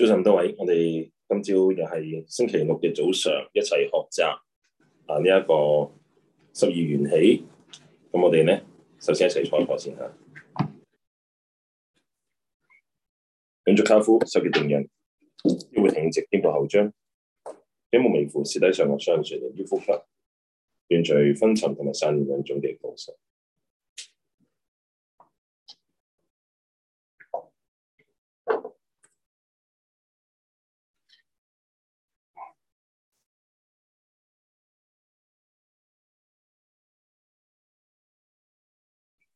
早晨，各位，我哋今朝又係星期六嘅早上一齊學習啊！呢一個十二緣起，咁我哋咧首先一齊坐一坐先嚇。跟住跏趺十月定人，腰背挺直，肩部後張，眼部微乎，舌底上牙相垂，要斷除昏沉，同埋散亂兩種嘅動作。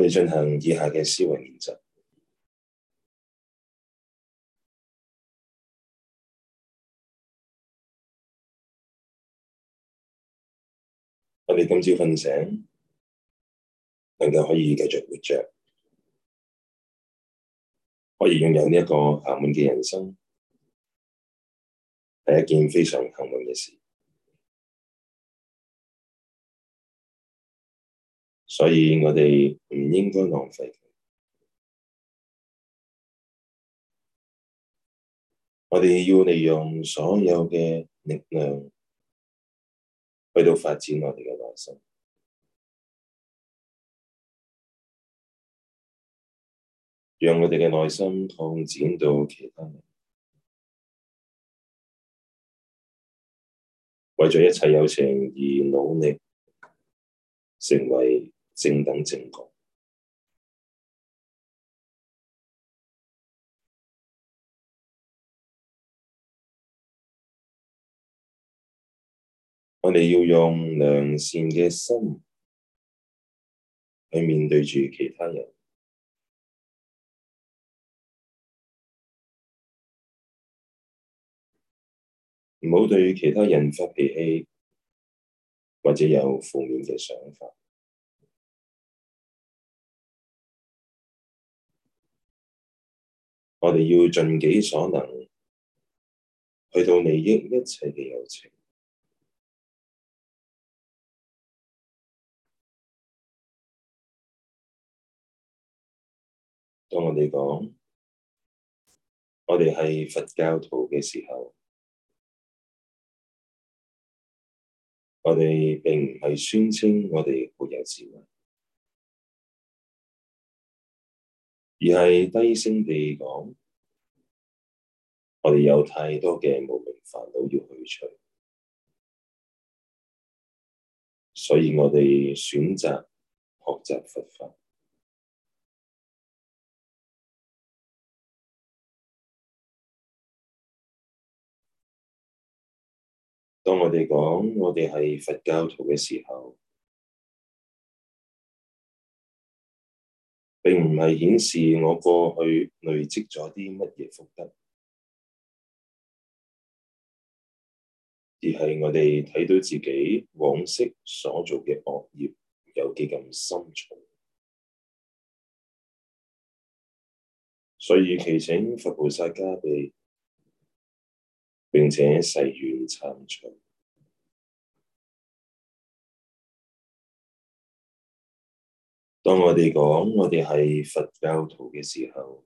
我哋進行以下嘅思維練習。我哋今朝瞓醒，能夠可以繼續活著，可以擁有呢一個幸運嘅人生，係一件非常幸運嘅事。所以我哋唔應該浪費佢。我哋要利用所有嘅力量，去到發展我哋嘅內心，讓我哋嘅內心擴展到其他人。為咗一切有情而努力，成為正等正覺，我哋要用良善嘅心去面對住其他人，唔好對其他人發脾氣，或者有負面嘅想法。我哋要盡己所能去到利益一切嘅有情。當我哋講，我哋係佛教徒嘅時候，我哋並唔係宣稱我哋好有智慧。而係低聲地講，我哋有太多嘅無明煩惱要去除，所以我哋選擇學習佛法。當我哋講我哋係佛教徒嘅時候，並唔係顯示我過去累積咗啲乜嘢福德，而係我哋睇到自己往昔所做嘅惡業有幾咁深重，所以祈請佛菩薩加被，並且誓願參隨。當我哋講我哋係佛教徒嘅時候，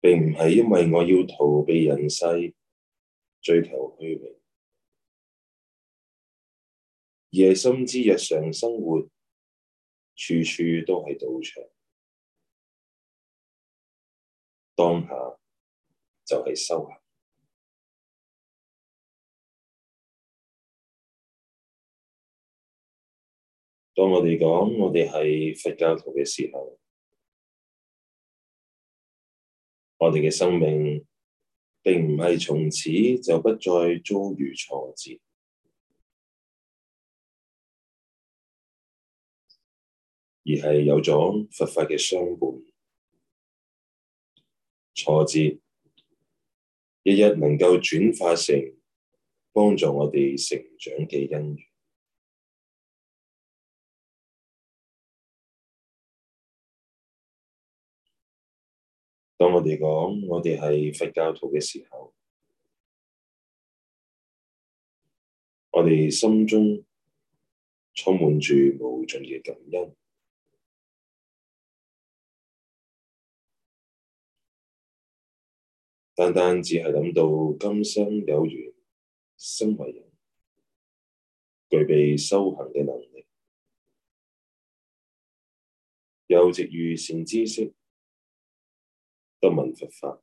並唔係因為我要逃避人世、追求虛榮，而係深知日常生活處處都係道場，當下就係修行。當我哋講我哋係佛教徒嘅時候，我哋嘅生命並唔係從此就不再遭遇挫折，而係有咗佛法嘅相伴，挫折一日能夠轉化成幫助我哋成長嘅因緣。當我哋講我哋係佛教徒嘅時候，我哋心中充滿住無盡嘅感恩，單單只係諗到今生有緣身為人，具備修行嘅能力，有值遇善知識。得聞佛法，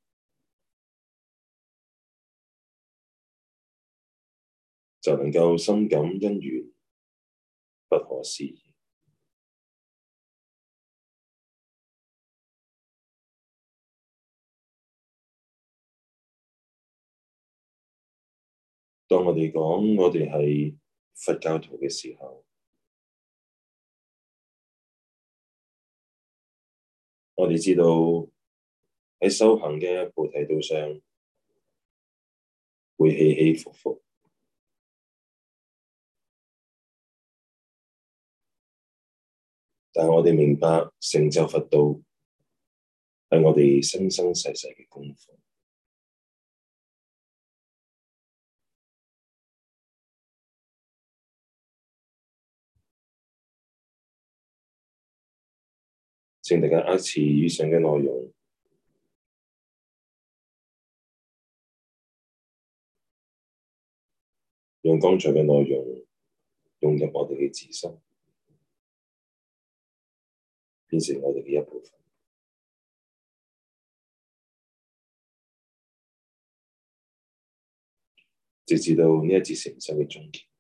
就能夠深感因緣不可思議。當我哋講我哋係佛教徒嘅時候，我哋知道。喺修行嘅菩提道上，會起起伏伏，但我哋明白成就佛道係我哋生生世世嘅功課。剩低嘅一節以上嘅內容。用剛才嘅內容融入我哋嘅自身，變成我哋嘅一部分，直至到呢一次禪修嘅終結。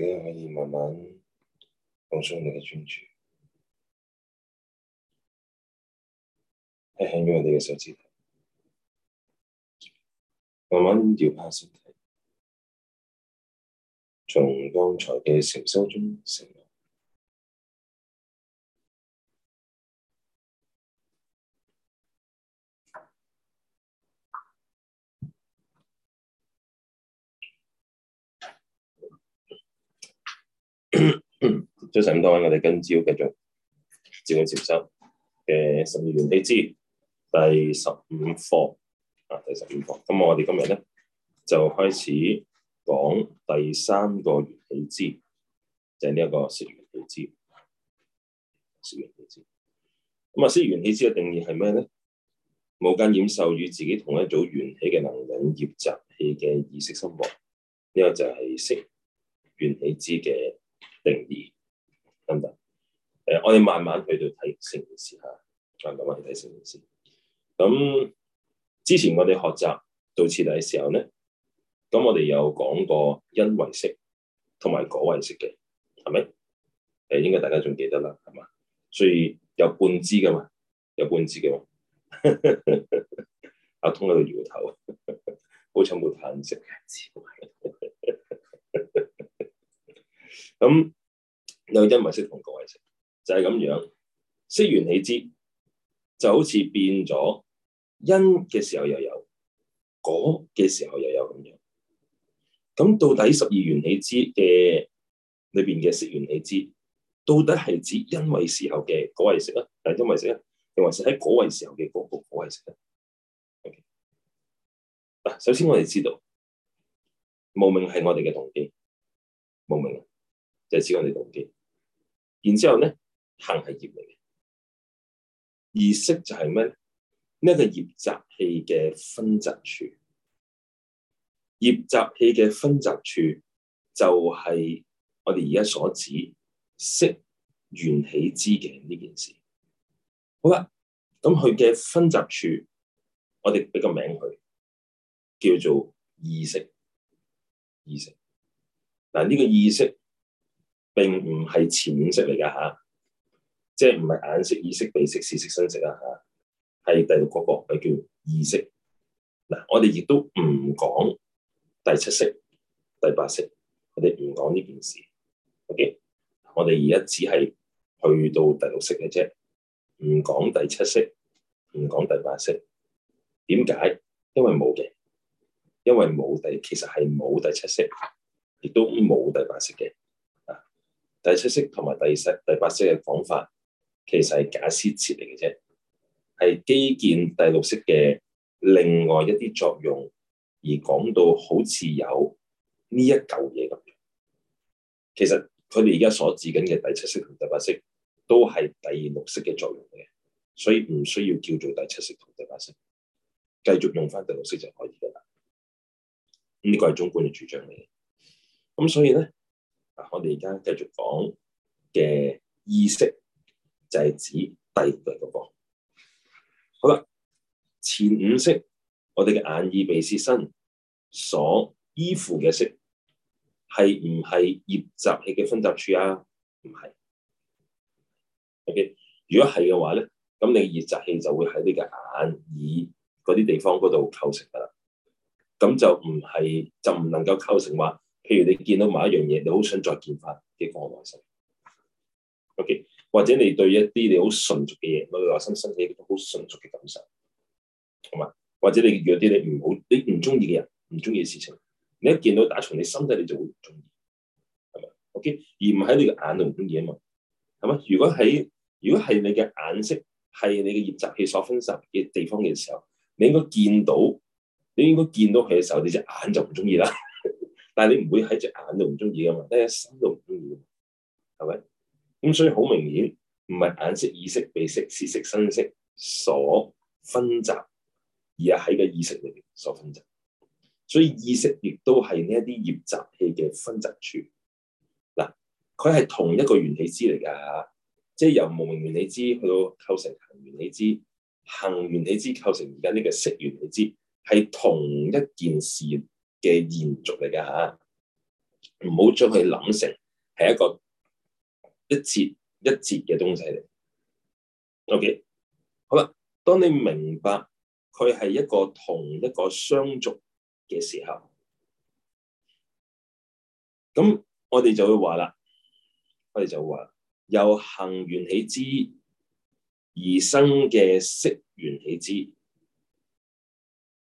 你而可以慢慢放鬆你嘅專注，吸起我你嘅手指，慢慢調下身體，從剛才嘅禪修中醒。嗯，早晨咁多位，我哋今朝繼續接住接收嘅十二緣起支第十五課啊，第十五課。咁我哋今日咧就開始講第三個緣起支，就係呢一個識緣起支識緣起支咁啊，識緣起支嘅定義係咩咧？無間染受與自己同一組緣起嘅能引業習氣嘅意識心王，呢、這個就係識緣起支嘅。定義等等，誒、呃，我哋慢慢去到睇成件事嚇，咁樣睇成件事。咁、嗯、之前我哋學習到次第嘅時候咧，咁、嗯、我哋有講過因位識同埋果位識嘅，係咪？誒、呃，應該大家仲記得啦，係嘛？所以有半支噶嘛，有半支嘅喎，阿、 啊、通喺度搖頭， 好彩冇眼識。 咁有因位識同果位識，就係、是、咁樣。識緣起支，就好似變咗因嘅時候又有果嘅時候又有咁樣。咁、嗯、到底十二緣起支嘅裏邊嘅識緣起支，到底係指因位時候嘅果位識啊，定因位識啊，定還是喺果位時候嘅嗰個果位識啊？嗱、okay.，首先我哋知道無明係我哋嘅動機，無明。就係指我哋動機，然之後咧，行係業嚟嘅，意識就係咩咧？呢、呢個業習氣嘅薰習處，業習氣嘅薰習處就係我哋而家所指識緣起支嘅呢件事。好啦，咁佢嘅薰習處，我哋俾個名佢，叫做意識，意識。嗱，呢個意識。並唔係前五識嚟噶嚇，即係唔係眼識、耳識、鼻識、舌識、身識啊嚇，係第六嗰個佢叫意識嗱、啊。我哋亦都唔講第七識、第八識，我哋唔講呢件事。O.K. 我哋而家只係去到第六識嘅啫，唔講第七識，唔講第八識。點解？因為冇嘅，因為冇第，其實係冇第七識，亦都冇第八識嘅。第七識同埋第二識、第八識嘅講法，其實係假施設嚟嘅啫，係基建第六識嘅另外一啲作用而講到好似有呢一嚿嘢咁樣。其實佢哋而家所指緊嘅第七識同第八識都係第六識嘅作用嚟嘅，所以唔需要叫做第七識同第八識，繼續用返第六識就可以噶啦。呢、嗯這個係中觀嘅主張嚟嘅，咁、嗯、所以咧。嗱，我哋而家繼續講嘅意識，就係、是、指第六個。好啦，前五識，我哋嘅眼耳、耳、鼻、舌、身所依附嘅識，係唔係業習氣嘅薰習處啊？唔係。O、okay, K，如果係嘅話咧，咁你業習氣就會喺你嘅眼、耳嗰啲地方嗰度構成㗎喇，咁就唔係，就唔能夠構成話。譬如你見到某一樣嘢，你好想再見翻嘅個耐性，OK？或者你對一啲你好純熟嘅嘢，我哋話身身體好純熟嘅感受，同埋或者你弱啲，你唔好你唔中意嘅人，唔中意嘅事情，你一見到打從你心底你就會唔中意，係嘛？OK？而唔喺你嘅眼度唔中意啊嘛，係嘛？如果喺如果係你嘅眼色係你嘅業習氣所分散嘅地方嘅時候，你應該見到你應該見到佢嘅時候，你隻眼就唔中意啦。但係你唔會喺隻眼度唔中意嘅嘛，得一心度唔中意嘛，係咪？咁所以好明顯，唔係眼識、耳識、鼻識、舌識、身識所薰習，而係喺個意識裏邊所薰習。所以意識亦都係呢一啲業習氣嘅薰習處。嗱，佢係同一個緣起支嚟㗎，即係由無明緣起支去到構成行緣起支，行緣起支構成而家呢個識緣起支，係同一件事。嘅延續嚟噶吓。唔好將佢諗成係一個一節一節嘅東西嚟。OK，好啦，當你明白佢係一個同一個相續嘅時候，咁我哋就會話啦，我哋就話由行緣起支而生嘅識緣起支，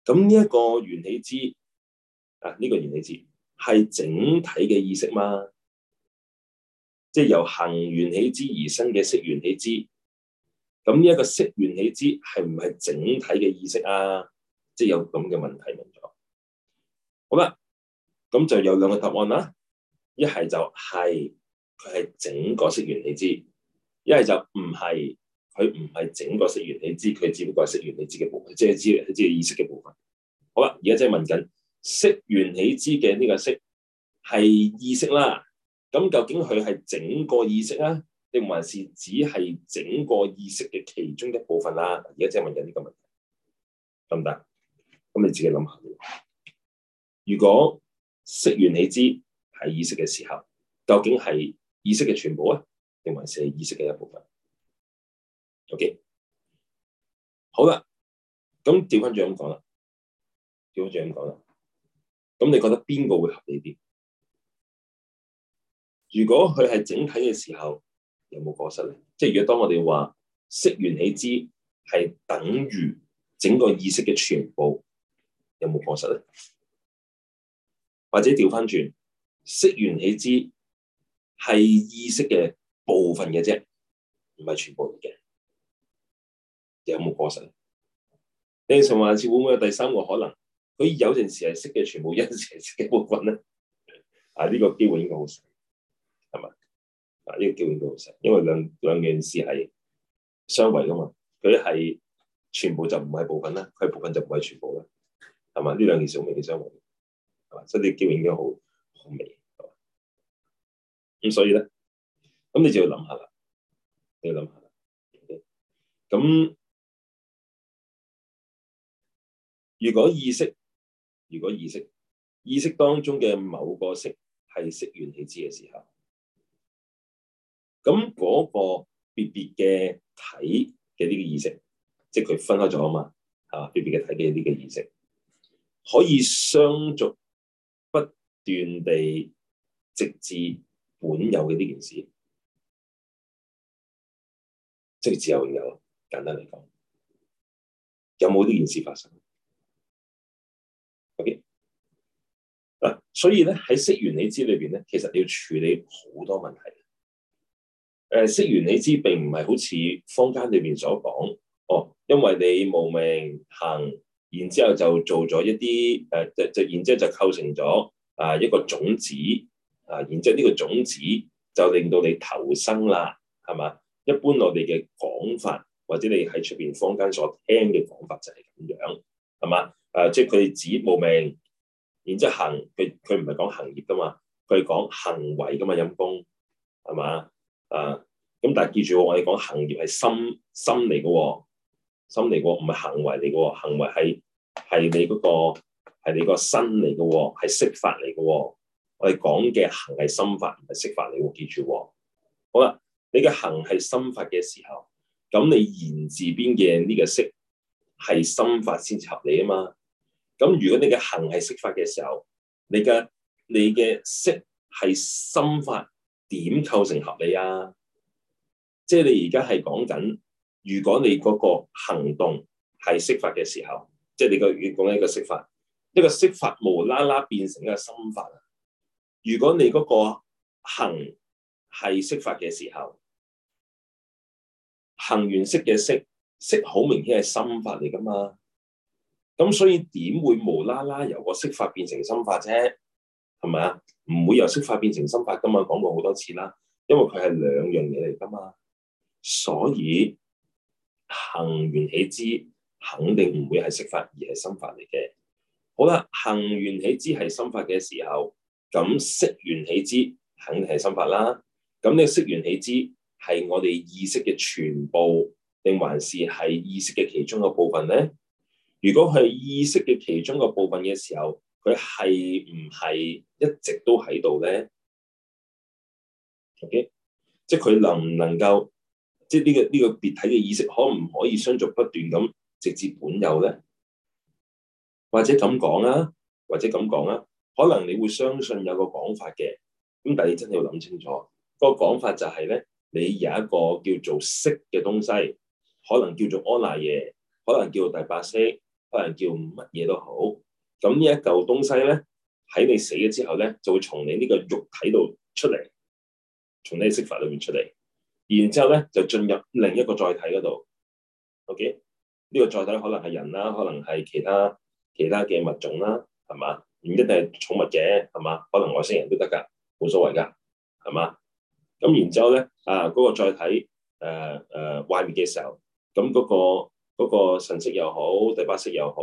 咁呢一個緣起支。啊！呢、這個緣起支係整體嘅意識嘛？即係由行緣起支而生嘅識緣起支，咁呢一個識緣起支係唔係整體嘅意識啊？即係有咁嘅問題存咗。好啦，咁就有兩個答案啦。一係就係佢係整個識緣起支；一係就唔係佢唔係整個識緣起支，佢只不過係識緣起支嘅部分，即係只係意識嘅部分。好啦，而家即係問緊。識緣起支嘅呢個識係意識啦，咁究竟佢係整個意識啊，定還是只係整個意識嘅其中一部分啦？而家即係問緊呢個問題，得唔得？咁你自己諗下。如果識緣起支係意識嘅時候，究竟係意識嘅全部啊，定還是係意識嘅一部分？OK，好啦，咁調翻轉咁講啦，調翻轉咁講啦。咁你覺得邊個會合理啲？如果佢係整體嘅時候，有冇過失咧？即係如果當我哋話識緣起支係等於整個意識嘅全部，有冇過失咧？或者調返轉，識緣起支係意識嘅部分嘅啫，唔係全部嘅，有冇過失？正常還是，是有有會唔會有第三個可能？佢有陣時係識嘅全部，有陣時係識嘅部分咧，啊呢、呢個機會應該好細，係嘛？啊呢、呢個機會都好細，因為兩兩件事係相違噶嘛。佢係全部就唔係部分啦，佢部分就唔係全部啦，係嘛？呢兩件事好明顯相違，係嘛？所以啲機會應該好好微，係嘛？咁、啊、所以咧，咁你就要諗下啦，你要諗下啦。咁如果意識如果意識意識當中嘅某個識係識緣起支嘅時候，咁嗰個別別嘅體嘅呢個意識，即係佢分開咗啊嘛，嚇、啊！別別嘅體嘅呢個意識，可以相續不斷地直至本有嘅呢件事，即直至永久。簡單嚟講，有冇呢件事發生？O.K. 嗱、啊，所以咧喺識緣起支裏邊咧，其實你要處理好多問題。誒、呃，識緣起支並唔係好似坊間裏邊所講，哦，因為你無明、行，然之後就做咗一啲誒、呃，就就然之後就構成咗啊、呃、一個種子啊、呃，然之後呢個種子就令到你投生啦，係嘛？一般我哋嘅講法，或者你喺出邊坊間所聽嘅講法就係咁樣，係嘛？誒、呃，即係佢哋字無明，然之後行，佢佢唔係講行業噶嘛，佢係講行為噶嘛，陰功係嘛啊？咁、呃、但係記住，我哋講行業係心心嚟嘅，心嚟嘅、哦，唔係、哦哦、行為嚟嘅、哦，行為係係你嗰、那個係你個身嚟嘅、哦，係色法嚟嘅、哦。我哋講嘅行係心法，唔係色法嚟嘅，記住、哦。好啦，你嘅行係心法嘅時候，咁你言字邊嘅呢個識。係心法先至合理啊嘛，咁如果你嘅行係色法嘅時候，你嘅你嘅識係心法點構成合理啊？即係你而家係講緊，如果你嗰個行動係色法嘅時候，即係你個講緊一個色法，呢、這個色法無啦啦變成一個心法啊！如果你嗰個行係色法嘅時候，行完釋嘅釋。識好明顯係心法嚟噶嘛？咁所以點會無啦啦由個識法變成心法啫？係咪啊？唔會由識法變成心法噶嘛？講過好多次啦，因為佢係兩樣嘢嚟噶嘛。所以行緣起支肯定唔會係識法，而係心法嚟嘅。好啦，行緣起支係心法嘅時候，咁識緣起支肯定係心法啦。咁你個識緣起支係我哋意識嘅全部，定還是係意識嘅其中個部分咧？如果係意識嘅其中個部分嘅時候，佢係唔係一直都喺度咧？OK，即係佢能唔能夠，即係呢個呢個別體嘅意識，可唔可以相續不斷咁直至本有咧？或者咁講啊，或者咁講啊，可能你會相信有個講法嘅，咁但係你真係要諗清楚，個講法就係咧，你有一個叫做識嘅東西。可能叫做阿賴耶，可能叫做第八識，可能叫乜嘢都好。咁呢一嚿東西咧，喺你死咗之後咧，就會從你呢個肉體度出嚟，從呢色法裏面出嚟，然之後咧就進入另一個載體嗰度。OK，呢個載體可能係人啦，可能係其他其他嘅物種啦，係嘛？唔一定係寵物嘅，係嘛？可能外星人都得㗎，冇所謂㗎，係嘛？咁然之後咧，啊、那、嗰個載體誒誒壞滅嘅時候。咁嗰、那個那個神識又好，第八識又好，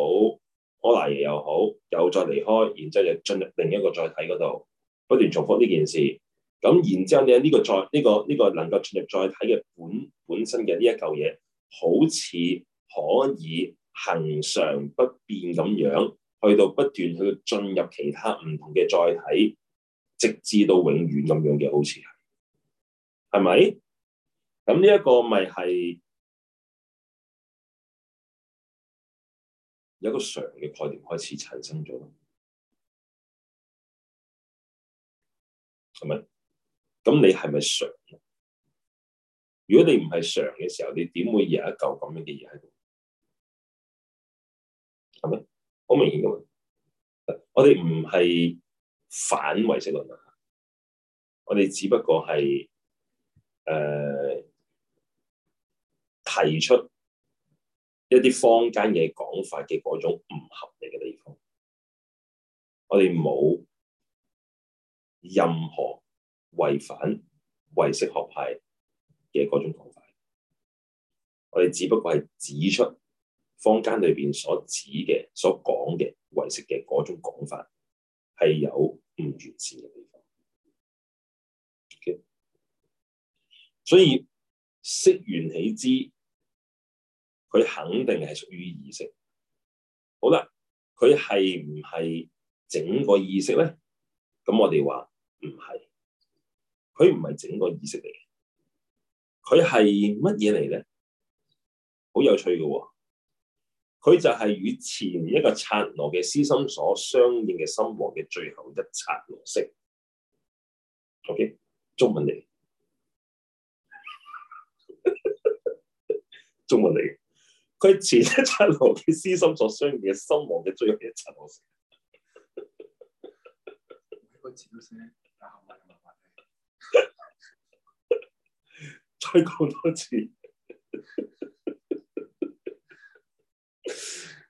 柯拿爺又好，又再離開，然之後又進入另一個載體嗰度，不斷重複呢件事。咁然之後你呢、這個載呢、這個呢、這個這個能夠進入載體嘅本本身嘅呢一嚿嘢，好似可以恒常不變咁樣，去到不斷去進入其他唔同嘅載體，直至到永遠咁樣嘅，好似係，係咪？咁呢一個咪係？有一個常嘅概念開始產生咗，係咪？咁你係咪常？如果你唔係常嘅時候，你點會有一嚿咁樣嘅嘢喺度？係咪？好明顯㗎嘛！我哋唔係反唯識論啊，我哋只不過係誒、呃、提出。一啲坊間嘅講法嘅嗰種唔合理嘅地方，我哋冇任何違反唯識學派嘅嗰種講法。我哋只不過係指出坊間裏邊所指嘅、所講嘅唯識嘅嗰種講法係有唔完善嘅地方嘅。Okay. 所以識緣起支。佢肯定係屬於意識。好啦，佢係唔係整個意識咧？咁我哋話唔係，佢唔係整個意識嚟。佢係乜嘢嚟咧？好有趣嘅喎、哦！佢就係與前一個剎那嘅思心所相應嘅心王嘅最後一剎那識。OK，中文嚟， 中文嚟。佢前一剎那嘅思心所相應嘅心王嘅最後一剎那識， 再講多次，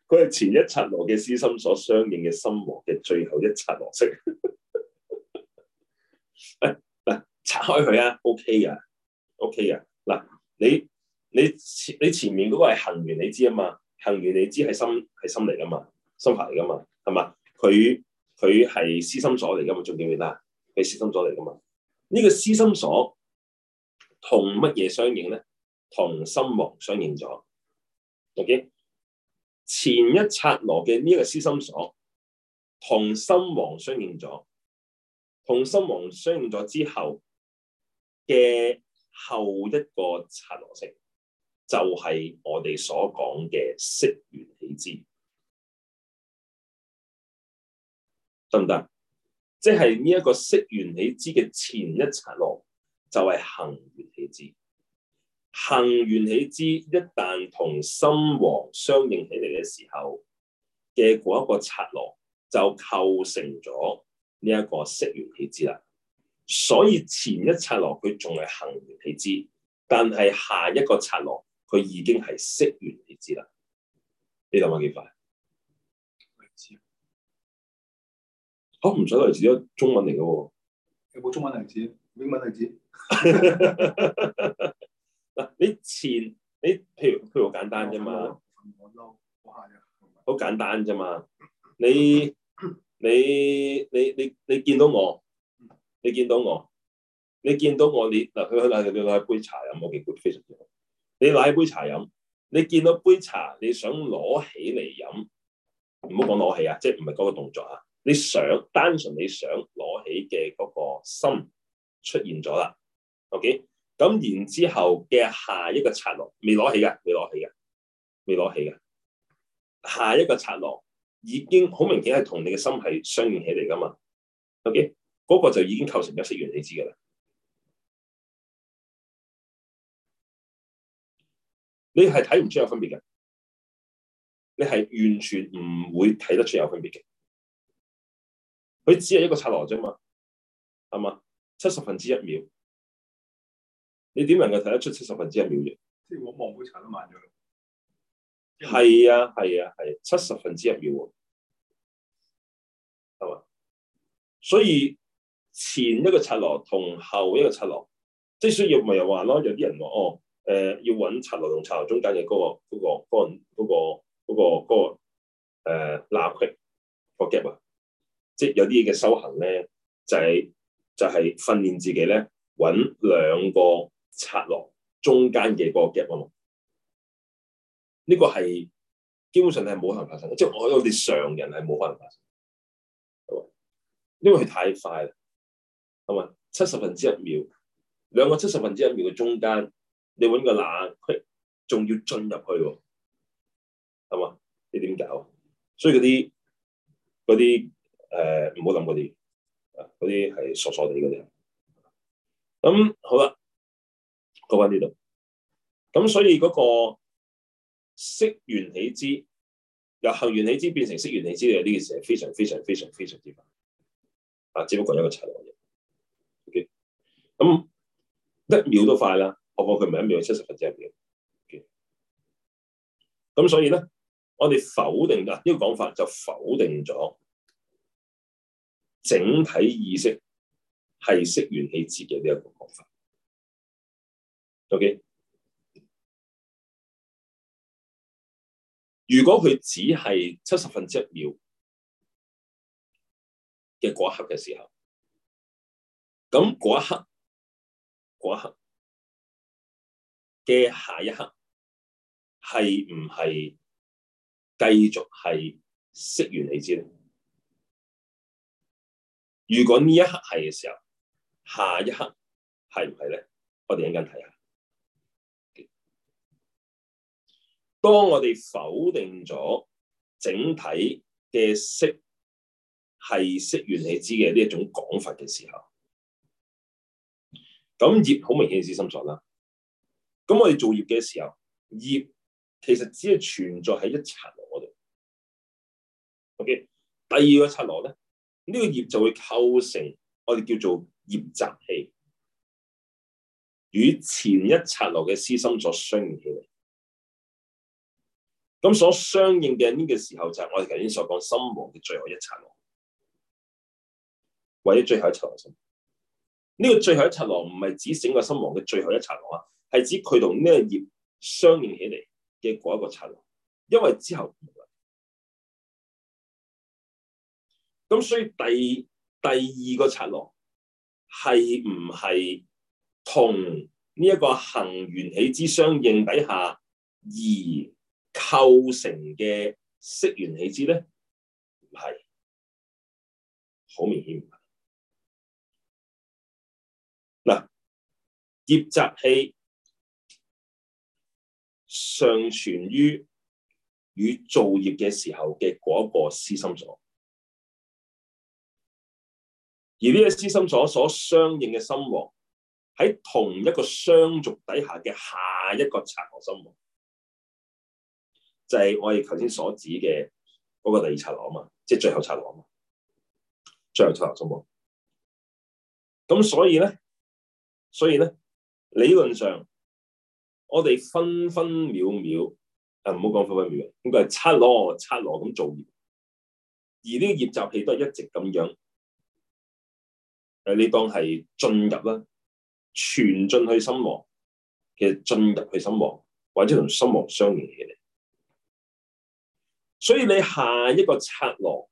佢 係前一剎那嘅思心所相應嘅心王嘅最後一剎那識，嗱 拆開佢啊，OK 噶，OK 噶，嗱你。你前你前面嗰個係行緣，你知啊嘛？行緣你知係心係心嚟㗎嘛？心法嚟㗎嘛？係嘛？佢佢係思心所嚟㗎嘛？仲記唔記得啊？係思心所嚟㗎嘛？呢個思心所同乜嘢相應咧？同心王相應咗。OK，前一剎那嘅呢一個思心所同心王相應咗，同心王相應咗之後嘅後一個剎那識。就係我哋所講嘅識緣起支，得唔得？即係呢一個識緣起支嘅前一剎那，就係行緣起支。行緣起支，起支一旦同心王相應起嚟嘅時候嘅嗰一個剎那，就構成咗呢一個識緣起支啦。所以前一剎那，佢仲係行緣起支，但係下一個剎那。佢已經係識完例子啦，你諗下幾快？我唔想例子，都、啊、中文嚟嘅喎。有冇中文例子？英文例子？嗱， 你前你譬如譬如好簡單啫嘛，好簡單啫嘛。你你你你你見到我，你見到我，你見到我，你嗱佢、啊、去度叫你攞杯茶有冇幾杯非常之好。啊你攞一杯茶飲，你見到杯茶，你想攞起嚟飲，唔好講攞起啊，即係唔係嗰個動作啊，你想單純你想攞起嘅嗰個心出現咗啦，OK，咁然之後嘅下一個剎那未攞起嘅，未攞起嘅，未攞起嘅，下一個剎那已經好明顯係同你嘅心係相應起嚟噶嘛，OK，嗰個就已經構成一識緣，你知噶啦。你係睇唔出有分別嘅，你係完全唔會睇得出有分別嘅。佢只係一個剎那啫嘛，係嘛？七十分之一秒，你點能夠睇得出七十分之一秒啫？即係我望每層都埋咗。係 啊，係啊，係、啊啊、七十分之一秒喎、啊，係嘛？所以前一個剎那同後一個剎那，即係需要咪又話咯？有啲人話哦。誒、呃，要搵插落同插落中間嘅嗰、嗰個、嗰、嗰個、嗰、嗰個、嗰、嗰個、嗰、嗰個、誒、嗰個，罅、呃、隙、就係就係、個，個 gap 啊，即係有啲嘅修行咧，就係就係訓練自己咧，搵兩個插落中間嘅嗰個 gap 啊嘛。呢個係基本上係冇可能發生，即係我我哋常人係冇可能發生，係嘛？因為佢太快啦，係嘛？七十分之一秒，兩個七十分之一秒嘅中間。你搵個難，佢仲要進入去喎，係嘛？你點搞？所以嗰啲嗰啲誒，唔好諗嗰啲，嗰啲係傻傻哋嗰啲。咁好啦，講翻呢度。咁所以嗰個識緣起支，由行緣起支變成識緣起支嘅呢件事係非，非常非常非常非常之快，啊，只不過一個剎那嘅嘢。O K，咁一秒都快啦。我講佢唔係一秒，七十分之一秒。咁、okay? 所以咧，我哋否定嗱呢、這個這個講法，就否定咗整體意識係識緣起支嘅呢一個講法。O K，如果佢只係七十分之一秒嘅嗰一刻嘅時候，咁嗰一刻，嗰一刻，嘅下一刻係唔係繼續係識緣起支呢？如果呢一刻係嘅時候，下一刻係唔係呢？我哋一陣睇下。當我哋否定咗整體嘅識係識緣起支嘅呢一種講法嘅時候，咁亦好明顯係思心所啦。咁我哋做業嘅時候，業其實只係存在喺一剎那嗰度。O、okay? K，第二個剎那咧，呢、這個業就會構成我哋叫做業習氣，與前一剎那嘅思心所相應起嚟。咁所相應嘅呢個時候就係、是、我哋頭先所講心王嘅最後一剎那，為咗最後一剎那。呢、這個最後一剎那唔係指整個心王嘅最後一剎那啊。係指佢同呢個業相應起嚟嘅嗰一個剎那，因為之後冇喇。咁，所以第第二個剎那係唔係同呢一個行緣起支相應底下而構成嘅識緣起支咧？唔係，好明顯唔係。嗱，業習氣。上傳於與造業嘅時候嘅嗰一個思心所，而呢個思心所所相應嘅心王，喺同一個相續底下嘅下一個剎那心王，就係、是、我哋頭先所指嘅嗰個第二剎那啊嘛，即、就、係、是、最後剎那啊嘛，最後剎那心王。咁所以咧，所以咧，理論上，我哋分分秒秒，誒唔好講分分秒秒，咁佢係剎那剎那咁做業，而呢個業習氣都係一直咁樣，誒、啊、你當係進入啦，存進去心王嘅進入去心王，或者同心王相連起嚟，所以你下一個剎那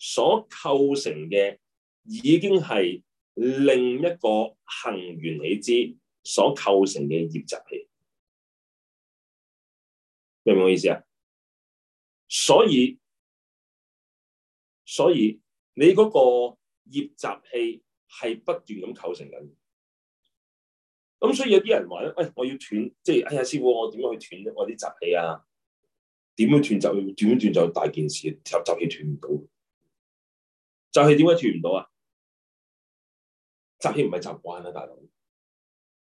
所構成嘅已經係另一個行緣起支所構成嘅業習氣。明唔明我意思啊？所以，所以你嗰個業習氣係不斷咁構成緊。咁所以有啲人話咧，喂、哎，我要斷，即係哎呀師傅，我點樣去斷我啲習氣啊？點樣斷習氣？點樣斷就大件事，習習氣斷唔到。習氣點解斷唔到啊？習氣唔係習慣啊，大佬。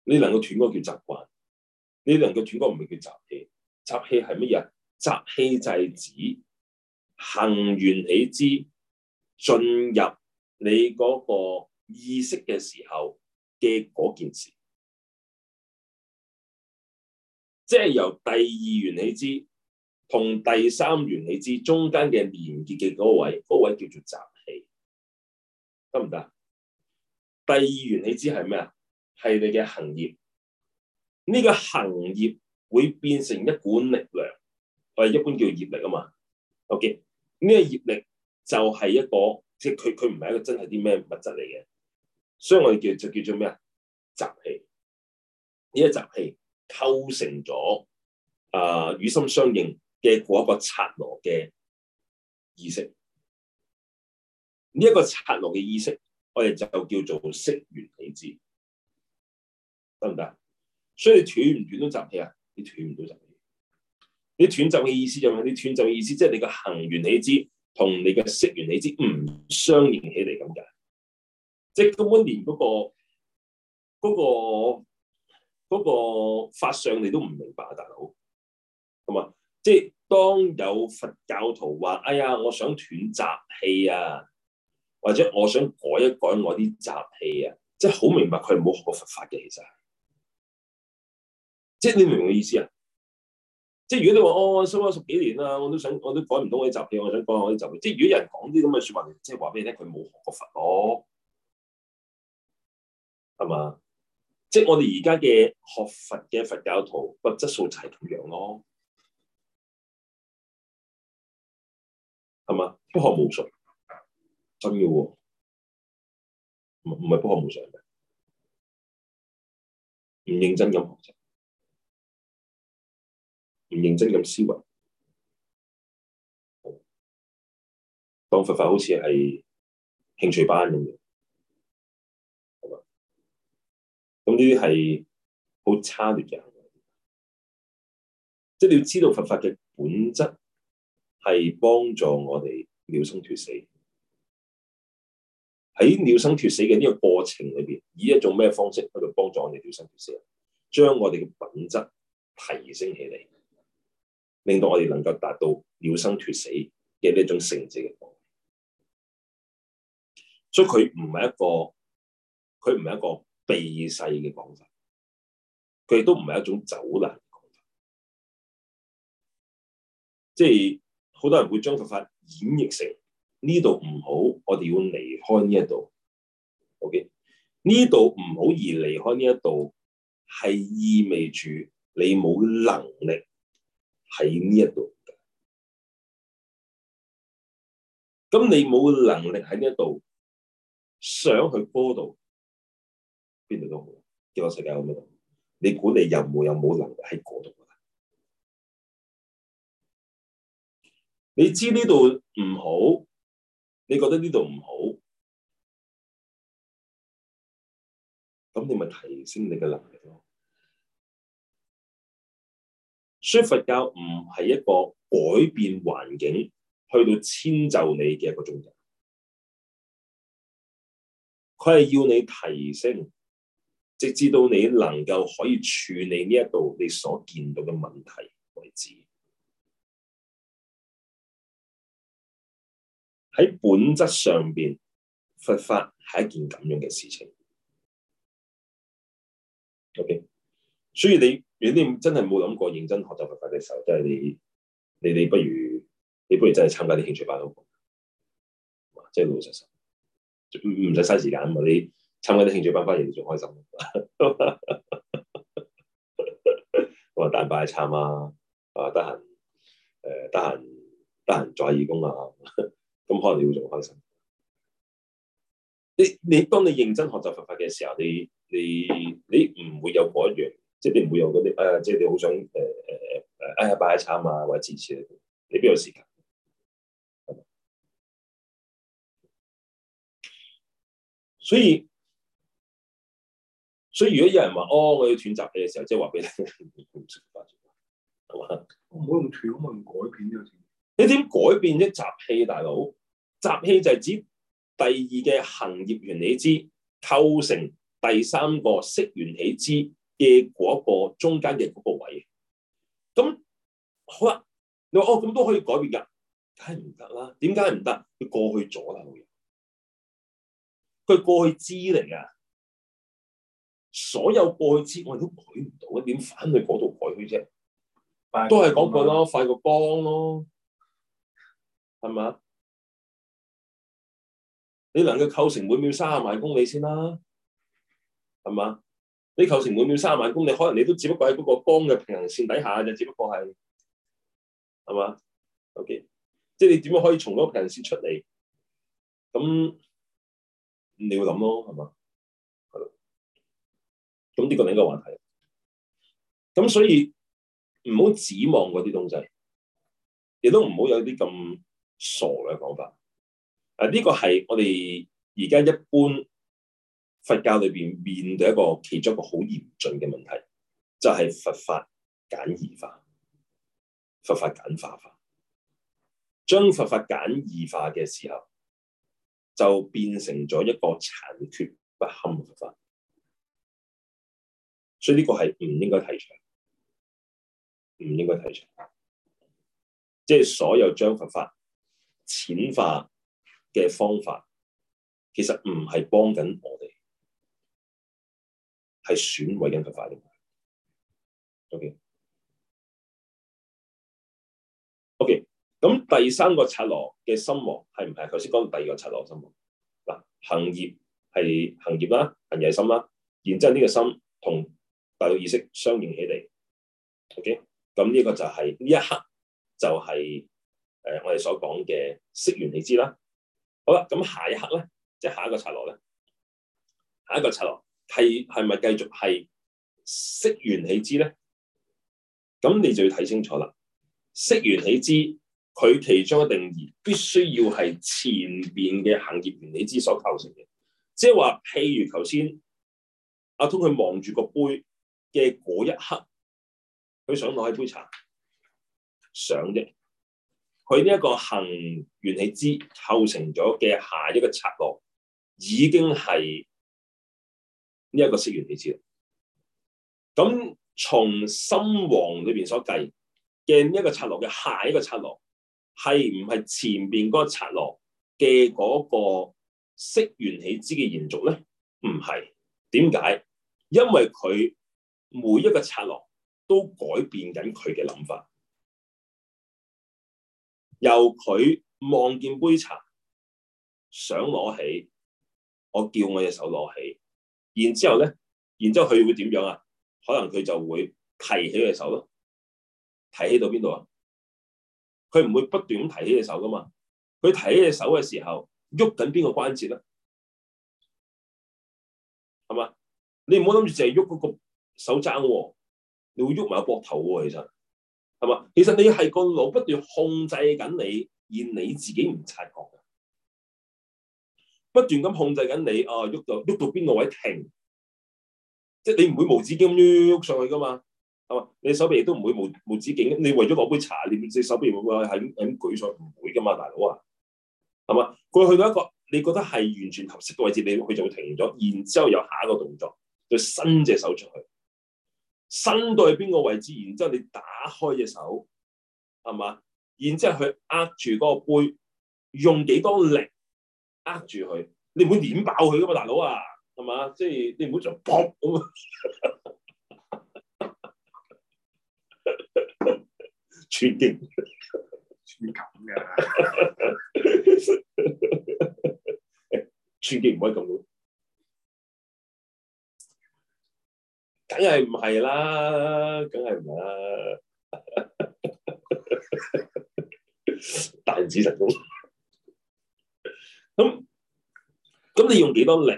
你能夠斷嗰個叫習慣，你能夠斷嗰唔係叫習氣。習氣係乜嘢？習氣就係指行緣起支進入你嗰個意識嘅時候嘅嗰件事，即係由第二緣起支同第三緣起支中間嘅連結嘅嗰位，嗰位叫做習氣，得唔得？第二緣起支係咩啊？係你嘅行業，呢、這個行業。會變成一股力量，我哋一般叫業力啊嘛。OK，呢個業力就係一個，即係佢佢唔係一個真係啲咩物質嚟嘅，所以我哋叫就叫做咩啊？習氣。呢個習氣構成咗啊、呃，與心相應嘅嗰一個剎那嘅意識。呢一個剎那嘅意識，我哋就叫做識緣起支，得唔得？所以斷唔斷都習氣啊？你斷唔到習氣，你斷習氣嘅意思就係你斷習氣嘅意思，即係你嘅行緣起支同你嘅識緣起支唔相應起嚟，咁噶，即係根本連嗰、嗰個、嗰個、嗰個法相你都唔明白啊，大佬，係嘛？即係當有佛教徒話，哎呀，我想斷習氣啊，或者我想改一改我啲習氣啊，即係好明白佢冇學過佛法嘅，其實。即係你明我意思啊！即係如果你話、哦、我修咗十幾年啦，我都想我都改唔到我啲習氣，我想改我啲習。即係如果有人講啲咁嘅説話，即係話俾你聽，佢冇學過佛咯，係嘛？即係我哋而家嘅學佛嘅佛教徒個質素就係咁樣咯，係嘛？不學無術，真嘅喎、哦，唔唔係不學無術嘅，唔認真咁學。唔認真咁思維，當佛法好似係興趣班咁嘅，係嘛？咁呢啲係好差劣嘅行為，即係你要知道佛法嘅本質係幫助我哋了生脱死。喺了生脱死嘅呢個過程裏邊，以一種咩方式喺度幫助我哋了生脱死啊？將我哋嘅品質提升起嚟。令到我哋能夠達到了生脱死嘅呢一種成就嘅講法，所以佢唔係一個，佢唔係一個避世嘅講法，佢亦都唔係一種走難嘅講法，即係好多人會將佛法演繹成呢度唔好，我哋要離開呢一度。OK，呢度唔好而離開呢一度，係意味住你冇能力。喺呢一度嘅，咁你冇能力喺呢一度想去波度，邊度都好，幾個世界有咩？你管理任務又冇能力喺嗰度啊！你知呢度唔好，你覺得呢度唔好，咁你咪提升你嘅能力。所以佛教唔係一個改變環境去到遷就你嘅一個宗教，佢係要你提升，直至到你能夠可以處理呢一度你所見到嘅問題為止。喺本質上面，佛法係一件咁樣嘅事情。OK，所以你。如果你真係冇諗過認真學習佛法嘅時候，即係你你你不如你不如真係參加啲興趣班好，即係老老實實唔使嘥時間啊！你參加啲興趣班反而仲開心。 我話蛋拜一餐啊，啊得閒誒得閒得閒再義工啊，咁 可能你會仲開心。你你當你認真學習佛法嘅時候，你你你唔會有嗰一樣。即係你唔會有嗰啲，誒，即係你好想，誒、呃，誒，誒，哎呀，擺下慘啊，或者支持你，你邊有時間？所以，所以如果有人話，哦，我要斷習氣嘅時候，即係話俾你，係嘛 吧？唔好用斷啊嘛，改變啊！點？你點改變一習氣，大佬？習氣就係指第二嘅行業緣起支構成，第三個識緣起支。嘅嗰、那個中間嘅嗰個位，咁好啦。你話哦，咁都可以改變噶，梗係唔得啦。點解唔得？佢過去咗啦，老友。佢過去知嚟噶，所有過去知我哋、哎、都改唔到，點翻去嗰度改去啫？都係講句咯，是快個光咯，係嘛？你能夠構成每秒三十萬公里先啦，係嘛？你構成每秒三十萬公里，可能你都只不過喺嗰個光嘅平衡線底下嘅，只不過係係嘛？OK，即係你點樣可以從嗰個平衡線出嚟？咁你會諗咯，係嘛？係咯，咁呢個另一個話題。咁所以唔好指望嗰啲東西，亦都唔好有啲咁傻嘅講法。啊，呢個係我哋而家一般。佛教裏邊面面對一個其中一個好嚴峻嘅問題，就係、是、佛法簡易化、佛法簡化化。將佛法簡易化嘅時候，就變成咗一個殘缺不堪嘅佛法，所以呢個係唔應該提倡，唔應該提倡。即、就、係、是、所有將佛法淺化嘅方法，其實唔係幫緊我哋。係損毀因果法力。O K，O K，咁第三個剎那嘅心王係唔係頭先講第二個剎那心王？嗱？行業係行業啦，行業係心啦。然之後呢個心同大腦意識相應起嚟。O K，咁呢個就係、是、呢一刻就係誒我哋所講嘅識緣起支啦。好啦，咁下一刻咧，即、就、係、是、下一個剎那咧，下一個剎那。係係咪繼續係識緣起支咧？咁你就要睇清楚啦。識緣起支，佢其中一個定義必須要係前邊嘅行業緣起支所構成嘅。即係話，譬如頭先阿通佢望住個杯嘅嗰一刻，佢想攞起杯茶想啫。佢呢一個行緣起支構成咗嘅下一個策落，已經係。呢一個識緣起支，咁從心王裏邊所計嘅呢一個剎那嘅下一個剎那，係唔係前邊嗰個剎那嘅嗰個識緣起支嘅延續咧？唔係，點解？因為佢每一個剎那都改變緊佢嘅諗法，由佢望見杯茶，想攞起，我叫我隻手攞起。然之後咧，然之後佢會點樣啊？可能佢就會提起隻手咯，提起到邊度啊？佢唔會不斷咁提起隻手噶嘛。佢提起隻手嘅時候，喐緊邊個關節咧？係嘛？你唔好諗住淨係喐嗰個手踭喎，你會喐埋個膊頭喎。其實係嘛？其實你係、啊、個腦不斷控制緊你，而你自己唔察覺。不斷咁控制緊你，哦，喐到喐到邊個位停？即係你唔會無止境咁喐上去噶嘛？係嘛？你手臂亦都唔會無無止境咁。你為咗攞杯茶，你隻手臂會唔會係咁舉上？唔會噶嘛，大佬啊，係嘛？佢去到一個你覺得係完全合適嘅位置，你佢就會停咗。然之後有下一個動作，就伸隻手出去，伸到去邊個位置？然之後你打開隻手，係嘛？然之後佢握住嗰個杯，用幾多力？呃住佢，你唔會點爆佢噶嘛，大佬啊，係嘛？即係你唔會再扑咁啊？ 串極 串緊噶，串極唔可以咁，梗係唔係啦，梗係唔係啦， 彈指神功。咁咁，你用幾多力？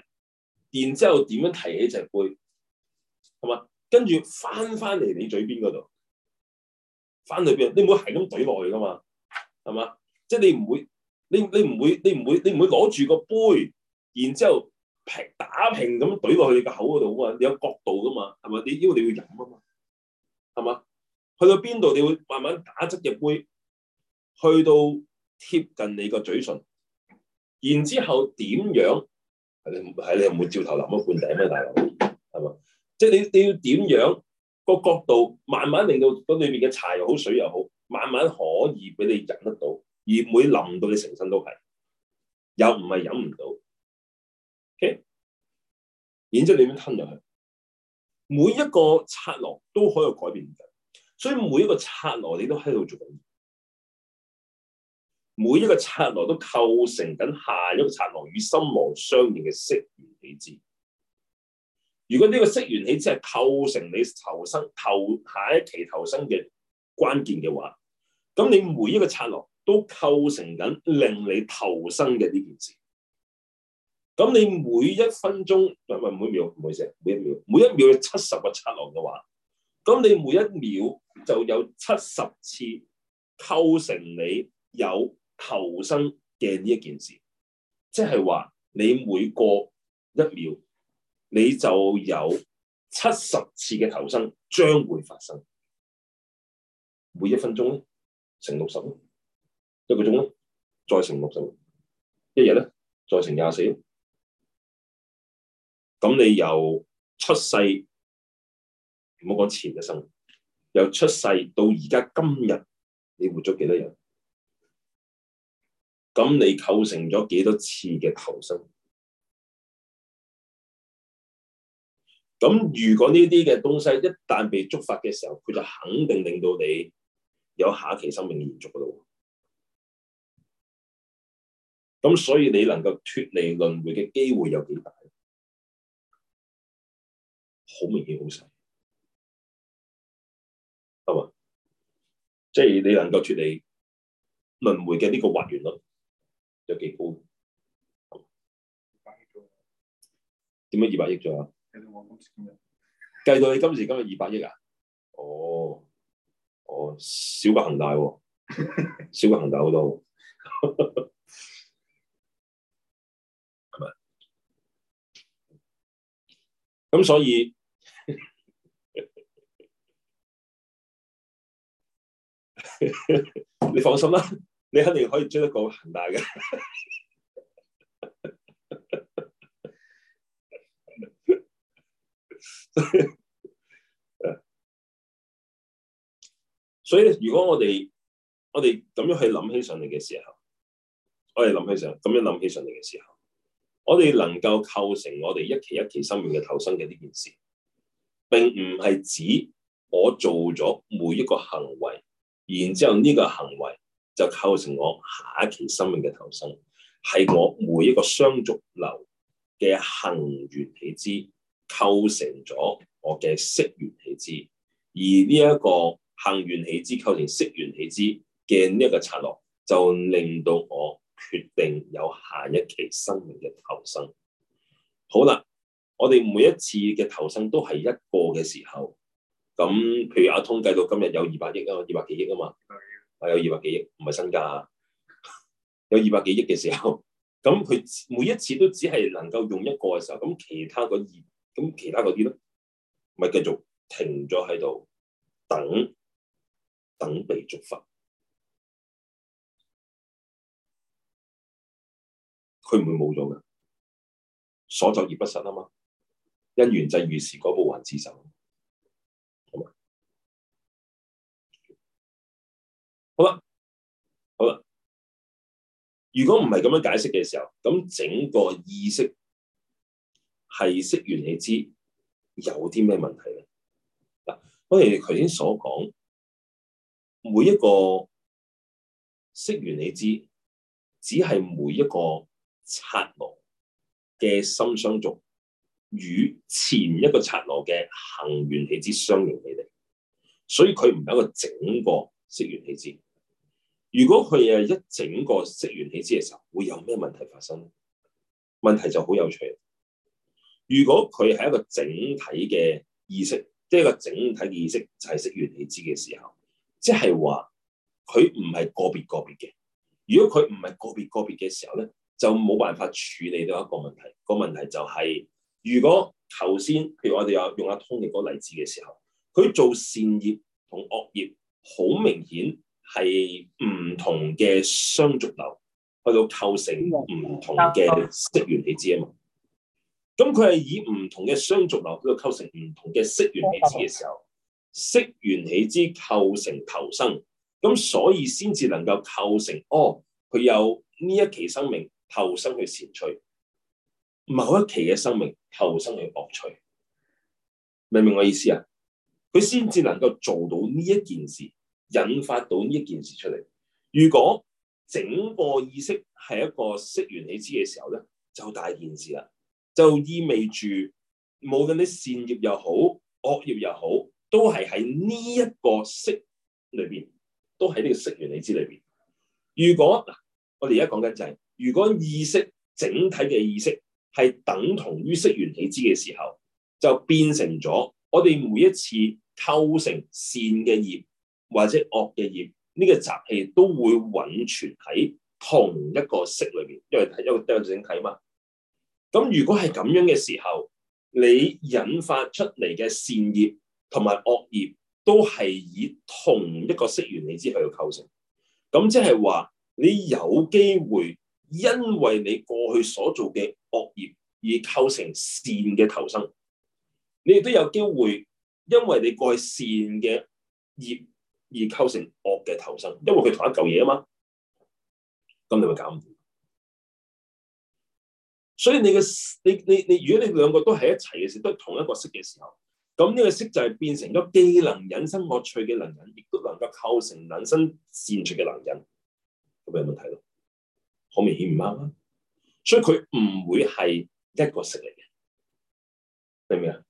然之後點樣提起隻杯？係嘛？跟住翻翻嚟你嘴邊嗰度，翻去邊？你唔會係咁懟落去噶嘛？係嘛？即係你唔會，你你唔會，你唔會，你唔會攞住個杯，然之後平打平咁懟落去你個口嗰度啊嘛？你有角度噶嘛？係咪？你因為你要飲啊嘛？係嘛？去到邊度你會慢慢打側隻杯，去到貼近你個嘴唇。然之後點樣？係你係你唔會照頭淋一半頂咩、啊？大佬係嘛？即係、就是、你你要點樣個角度，慢慢令到嗰裏面嘅茶又好水又好，慢慢可以俾你飲得到，而唔會淋到你成身都係，又唔係飲唔到。OK，然之後你點吞入去？每一個剎那都可以改變嘅，所以每一個剎那你都喺度做緊。每一個剎那都構成緊下一個剎那與心王相應嘅識緣起支。如果呢個識緣起支係構成你投生投下一期投生嘅關鍵嘅話，咁你每一個剎那都構成緊令你投生嘅呢件事。咁你每一分鐘唔係唔係每秒唔好意思，每一秒每一秒，每一秒有七十個剎那嘅話，咁你每一秒就有七十次構成你有，投生嘅呢一件事，即係話你每過一秒，你就有七十次嘅投生將會發生。每一分鐘咧，乘六十咯，一個鐘咧，再乘六十，一日咧，再乘廿四咯。咁你由出世唔好講前一生，由出世到而家今日，你活咗幾多日？咁你構成咗幾多次嘅求生？咁如果呢啲嘅東西一旦被觸發嘅時候，佢就肯定令到你有下一期生命延續噶咯。咁所以你能夠脫離輪迴嘅機會有幾大？好明顯，好細，係咪？即係你能夠脫離輪迴嘅呢個循環咯？有幾高？點解二百億咗啊？計到我今時今日，計 到你今時今日二百億啊？哦，哦，少過恒大喎，啊，少過恒大好多喎，啊，係 咪？咁所以 你放心啦。你肯定可以追得過恒大嘅， 所以如果我哋我哋咁樣去諗起上嚟嘅時候，我哋諗起上，咁樣諗起上嚟嘅時候，我哋能夠構成我哋一期一期生命嘅投生嘅呢件事，並唔係指我做咗每一個行為，然之後呢個行為。就構成我下一期生命嘅投生，係我每一個相續流嘅行緣起支構成咗我嘅識緣起支，而呢一個行緣起支構成識緣起支嘅呢一個策略，就令到我決定有下一期生命嘅投生。好啦，我哋每一次嘅投生都係一個嘅時候，咁譬如阿通計到今日有二百億啊，二百幾億啊嘛。有二百幾億，唔係身家。有二百幾億嘅時候，咁佢每一次都只係能夠用一個嘅時候，咁其他嗰二，咁其他嗰啲咧，咪繼續停咗喺度，等等被逐罰。佢唔會冇咗嘅，所作業不失啊嘛，因緣際遇時果報還自受。好啦，好啦，如果唔係咁樣解釋嘅時候，咁整個意識係識緣起支有啲咩問題咧？嗱，我哋頭先所講，每一個識緣起支，只係每一個剎那嘅心相續與前一個剎那嘅行緣起支相應起嚟，所以佢唔係一個整個識緣起支。如果佢誒一整個識緣起支嘅時候，會有咩問題發生？問題就好有趣。如果佢係一個整體嘅意識，即係一個整體嘅意識，就係識緣起支嘅時候，即係話佢唔係個別個別嘅。如果佢唔係個別個別嘅時候咧，就冇辦法處理到一個問題。個問題就係，如果頭先譬如我哋有用阿通嘅嗰個例子嘅時候，佢做善業同惡業好明顯。係唔同嘅相續流去到構成唔同嘅識緣起支啊嘛，咁佢係以唔同嘅相續流去到構成唔同嘅識緣起支嘅時候，識緣起支構成投生，咁所以先至能夠構成哦，佢有呢一期生命投生去前取，某一期嘅生命投生去博取，明唔明我意思啊？佢先至能夠做到呢一件事。引發到呢件事出嚟。如果整個意識係一個識緣起支嘅時候咧，就大件事啦，就意味住無論你善業又好，惡業又好，都係喺呢一個識裏邊，都喺呢個識緣起支裏邊。如果我哋而家講緊就係，如果意識整體嘅意識係等同於識緣起支嘅時候，就變成咗我哋每一次構成善嘅業。或者惡嘅業，呢、這個習氣都會蘊存喺同一個識裏邊，因為係一個單整體啊嘛。咁如果係咁樣嘅時候，你引發出嚟嘅善業同埋惡業，都係以同一個識緣起支去構成。咁即係話，你有機會，因為你過去所做嘅惡業而構成善嘅投生；你亦都有機會，因為你過去善嘅業。而構成惡嘅投生，因為佢同一嚿嘢啊嘛，咁你咪搞唔掂。所以你嘅你你你，如果你兩個都喺一齊嘅時候，都係同一個識嘅時候，咁呢個識就係變成咗既能引生惡趣嘅能引，亦都能夠構，構成能生善趣嘅能引。咁咪有問題咯？好明顯唔啱啊！所以佢唔會係一個識嚟嘅，明唔明啊？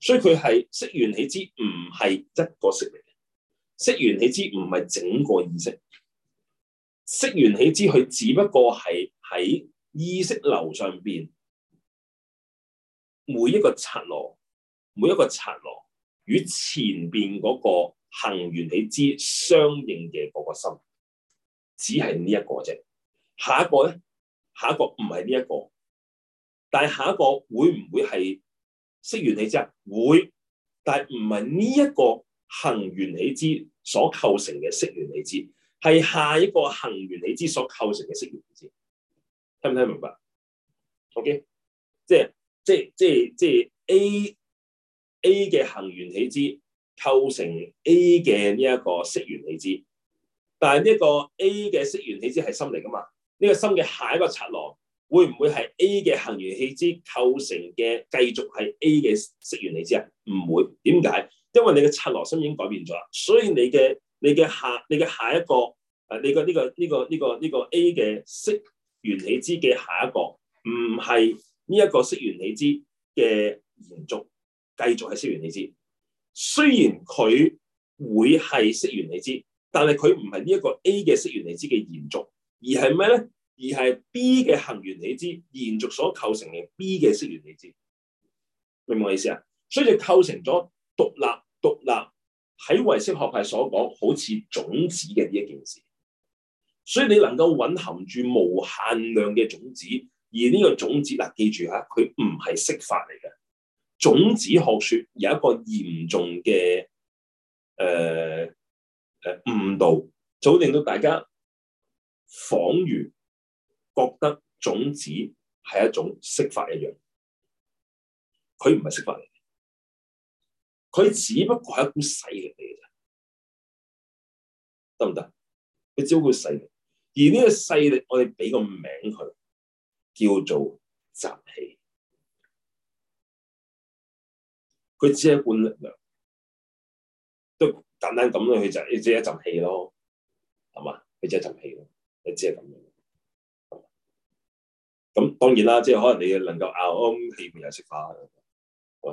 所以佢係識緣起支，唔係一個識嚟。嘅。.識緣起支唔係整個意識，識緣起支佢只不過係喺意識流上邊每一個層羅，每一個層羅與前邊嗰個行緣起支相應嘅嗰個心，只係呢一個啫。下一個咧，下一個唔係呢一個，但係下一個會唔會係識緣起支啊？會，但係唔係呢一個行緣起支。所構成嘅識緣起支係下一個行緣起支所構成嘅識緣起支，聽唔聽明白？OK，即係即係即係即係 A A 嘅行緣起支構成 A 嘅呢一個識緣起支，但係呢個 A 嘅識緣起支係心嚟㗎嘛？呢、這個心嘅下一個剎那，會唔會係 A 嘅行緣起支構成嘅繼續係 A 嘅識緣起支啊？唔會，點解？因為你嘅拆落心已經改變咗，所以你嘅你嘅下你嘅下一個誒，你嘅呢、這個呢、這個呢、這個呢、這個 A 嘅識緣起支嘅下一個唔係呢一個識緣起支嘅延續，繼續係識緣起支。雖然佢會係識緣起支，但係佢唔係呢一個 A 嘅識緣起支嘅延續，而係咩咧？而係 B 嘅行緣起支延續所構成嘅 B 嘅識緣起支。明唔明我意思啊？所以就構成咗獨立。獨立喺唯識學派所講，好似種子嘅呢一件事，所以你能夠蘊含住無限量嘅種子，而呢個種子，嗱記住吓，啊，佢唔係釋法嚟嘅。種子學說有一個嚴重嘅誒誒誤導，就令到大家恍如覺得種子係一種釋法一樣，佢唔係釋法嚟。佢只不過係一股勢力嚟嘅啫，得唔得？佢只會勢力，而呢個勢力我哋俾個名佢叫做集氣。佢只係一罐力量，都簡單咁樣去就即係一陣氣咯，係嘛？佢只係一陣氣咯，你只係咁樣。咁當然啦，即係可能你能夠拗啱氣味又識化，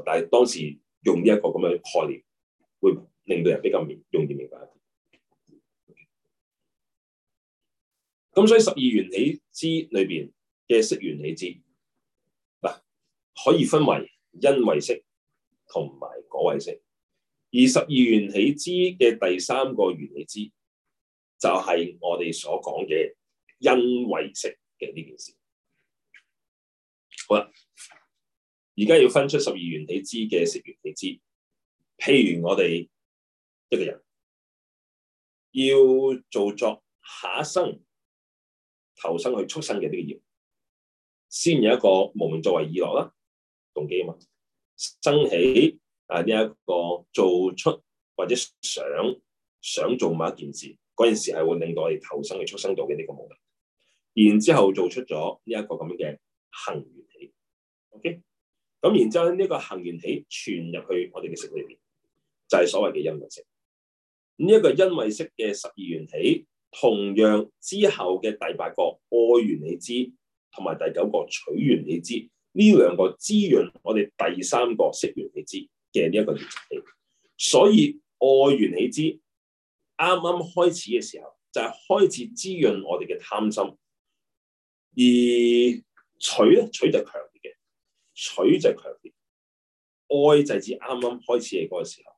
但係當時。用呢一個咁樣，概念會令到人比較容易明白。咁所以十二緣起支裏邊嘅識緣起支嗱，可以分為因位識同埋果位識。而十二緣起支嘅第三個緣起支就係、是、我哋所講嘅因位識嘅呢件事。好啦。而家要分出十二緣起支嘅識緣起支，譬如我哋一個人要造作下一生投生去畜生嘅呢個業，先有一個無明作為意樂啦，動機啊嘛，生起啊呢一個，這個做出或者想想做某一件事，嗰件事係會令到我哋投生去畜生道嘅呢個無明，然之後做出咗呢一個咁樣嘅行緣起，OK。咁然之後呢個行緣起傳入去我哋嘅識裏邊，就係、是、所謂嘅因位識。呢、這、一個因位識嘅十二緣起，同樣之後嘅第八個愛緣起支，同埋第九個取緣起支，呢兩個滋潤我哋第三個識緣起支嘅呢一個元氣。所以愛緣起支啱啱開始嘅時候，就係、是、開始滋潤我哋嘅貪心，而取咧取就強。取就係強烈，愛就係指啱啱開始嘅嗰個時候，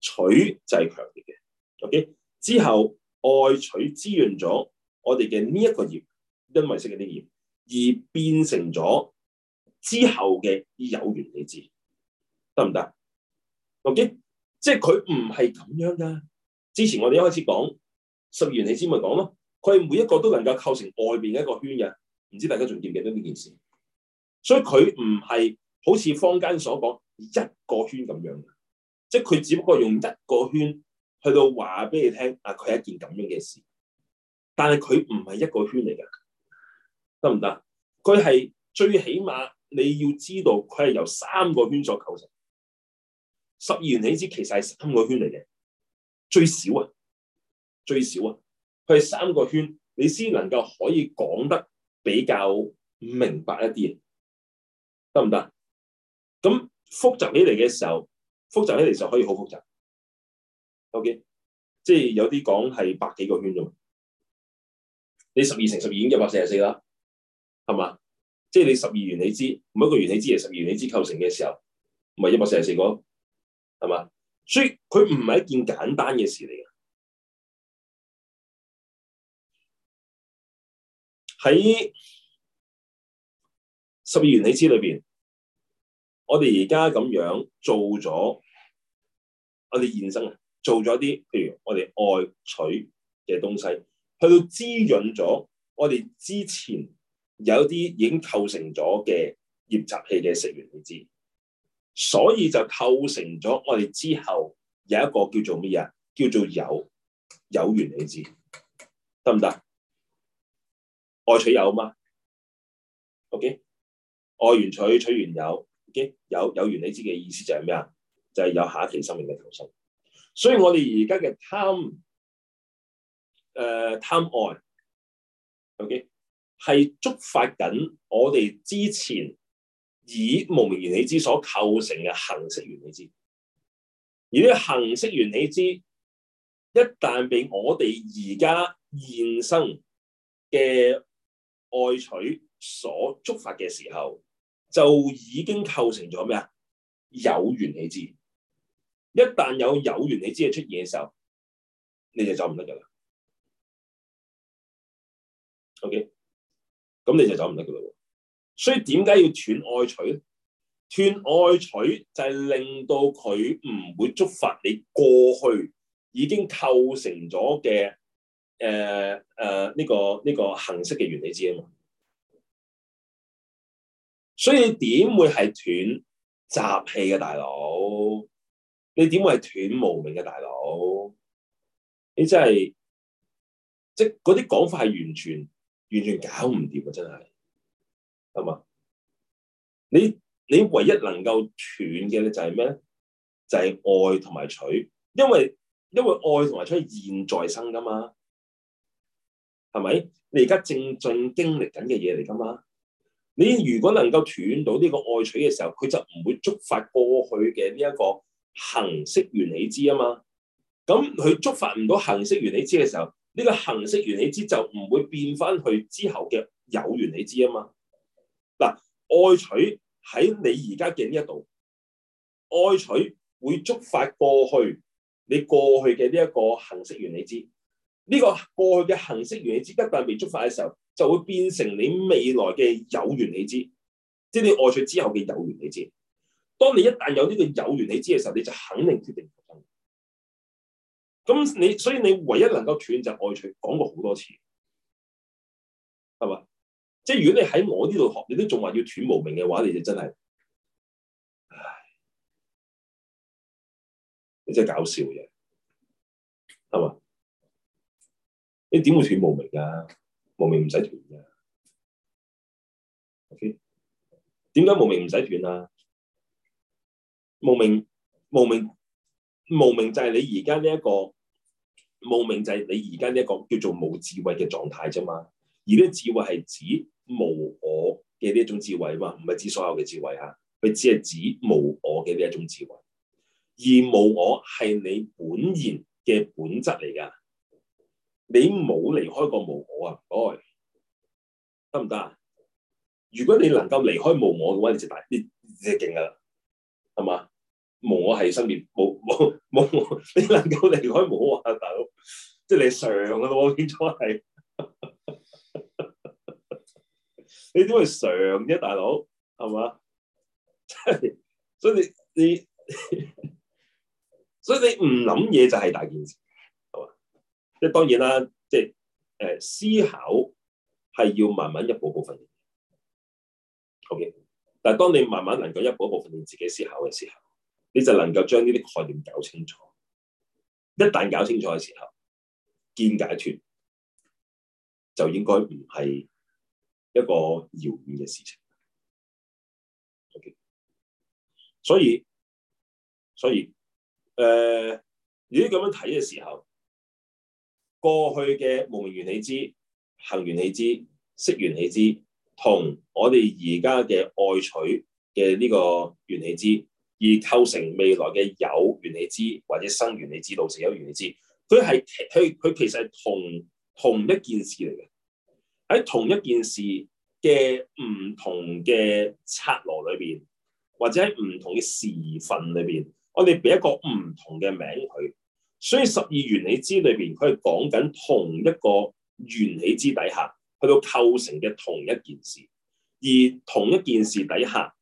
取就係強烈嘅，OK。之後愛取滋潤咗我哋嘅呢一個業，因為識嘅呢業而變成咗之後嘅有緣起支，得唔得？OK，即係佢唔係咁樣噶。之前我哋一開始講十二緣起支咪講咯，佢係每一個都能夠構成外邊嘅一個圈嘅。唔知大家仲記唔記得呢件事？所以佢唔係好似坊間所講一個圈咁樣即係佢只不過用一個圈去到話俾你聽，啊佢係一件咁樣嘅事，但係佢唔係一個圈嚟噶，得唔得？佢係最起碼你要知道佢係由三個圈所構成，十二緣起支，其實係三個圈嚟嘅，最少啊，最少啊，佢係三個圈，你先能夠可以講得比較明白一啲得唔得？咁複雜起嚟嘅時候，複雜起嚟就可以好複雜。OK，即係有啲講係百幾個圈啫嘛。你十二乘十二已經一百四十四啦，係嘛？即係你十二緣起支，每一個緣起支係十二緣起支構成嘅時候，唔係一百四十四個，係嘛？所以佢唔係一件簡單嘅事嚟嘅喺。十二緣起支裏邊，我哋而家咁樣做咗，我哋現身做咗啲，譬如我哋愛取嘅東西，去到滋潤咗我哋之前有啲已經構成咗嘅業習氣嘅識緣起支，所以就構成咗我哋之後有一個叫做乜嘢？叫做有有緣起支，得唔得？愛取有嘛？OK。愛完取，取完有 o、OK? 有有原理知嘅意思就係咩啊？就係、是、有下一期生命嘅投生，所以我哋而家嘅貪，誒、呃、貪愛，OK，係觸發緊我哋之前以無明原理知所構成嘅行識原理知，而呢行識原理知一旦被我哋而家現生嘅愛取所觸發嘅時候。就已經構成咗咩啊？有緣起支。一旦有有緣起支嘅出現嘅時候，你就走唔得㗎喇。O K，咁你就走唔得㗎喇。所以點解要斷愛取咧？斷愛取就係令到佢唔會觸發你過去已經構成咗嘅誒誒呢個呢、這個行式嘅緣起支啊嘛。所以你點會係斷習氣嘅大佬？你點會斷無明嘅大佬？你真係即係嗰啲講法係完全完全搞唔掂啊。真係係嘛？你你唯一能夠斷嘅咧就係咩咧？就係愛同埋取，因為因為愛同埋取係現在生噶嘛，係咪？你而家正正經歷緊嘅嘢嚟噶嘛？你如果能夠斷到呢個愛取嘅時候，佢就唔會觸發過去嘅呢一個行識緣起支啊嘛。咁佢觸發唔到行識緣起支嘅時候，呢、這個行識緣起支就唔會變翻去之後嘅有緣起支啊嘛。嗱，愛取喺你而家嘅呢一度，愛取會觸發過去你過去嘅呢一個行識緣起支。呢、這個過去嘅行識緣起支一旦未觸發嘅時候，就會變成你未來嘅有緣起支，即係你愛取之後嘅有緣起支。當你一旦有呢個有緣起支嘅時候，你就肯定決定人生。咁你所以你唯一能夠斷就愛取，講過好多次，係嘛？即係如果你喺我呢度學，你都仲話要斷無明嘅話，你就真係，唉，你真係搞笑嘅嘢，係嘛？你點會斷無明㗎？無明唔使斷嘅，OK？點解無明唔使斷啊？無明、無明、無明就係你而家呢一個無明，就係你而家呢一個叫做無智慧嘅狀態啫嘛。而啲智慧係指無我嘅呢一種智慧啊嘛，唔係指所有嘅智慧吓，佢只係指無我嘅呢一種智慧，而無我係你本然嘅本質嚟噶。你冇離開過無我啊？唔該，得唔得啊？如果你能夠離開無我嘅話，你就大，你大你係勁噶啦，係嘛？無我係生命，冇冇冇，你能夠離開無我啊，大佬？即係你常噶咯、啊、我記得係， 你點會常啫、啊，大佬？係嘛？即係，所以你你， 所以你唔諗嘢就係大件事。即係當然啦，即係誒思考係要慢慢一步一步訓練嘅，O K。Okay. 但係當你慢慢能夠一步一步訓練你自己思考嘅時候，你就能夠將呢啲概念搞清楚。一旦搞清楚嘅時候，見解脫就應該唔係一個遙遠嘅事情。O K。所以，所以誒、呃，你咁樣睇嘅時候，過去嘅無明緣起支、行緣起支、識緣起支同我哋而家嘅愛取嘅呢個緣起支，而構成未來嘅有緣起支或者生緣起支道成有緣起支，佢係佢佢其實係同同一件事嚟嘅。喺同一件事嘅唔同嘅策羅裏邊，或者喺唔同嘅時分裏邊，我哋俾一個唔同嘅名佢。所以十二緣起支裏邊，佢係講緊同一個緣起支底下，去到構成嘅同一件事；而同一件事底下，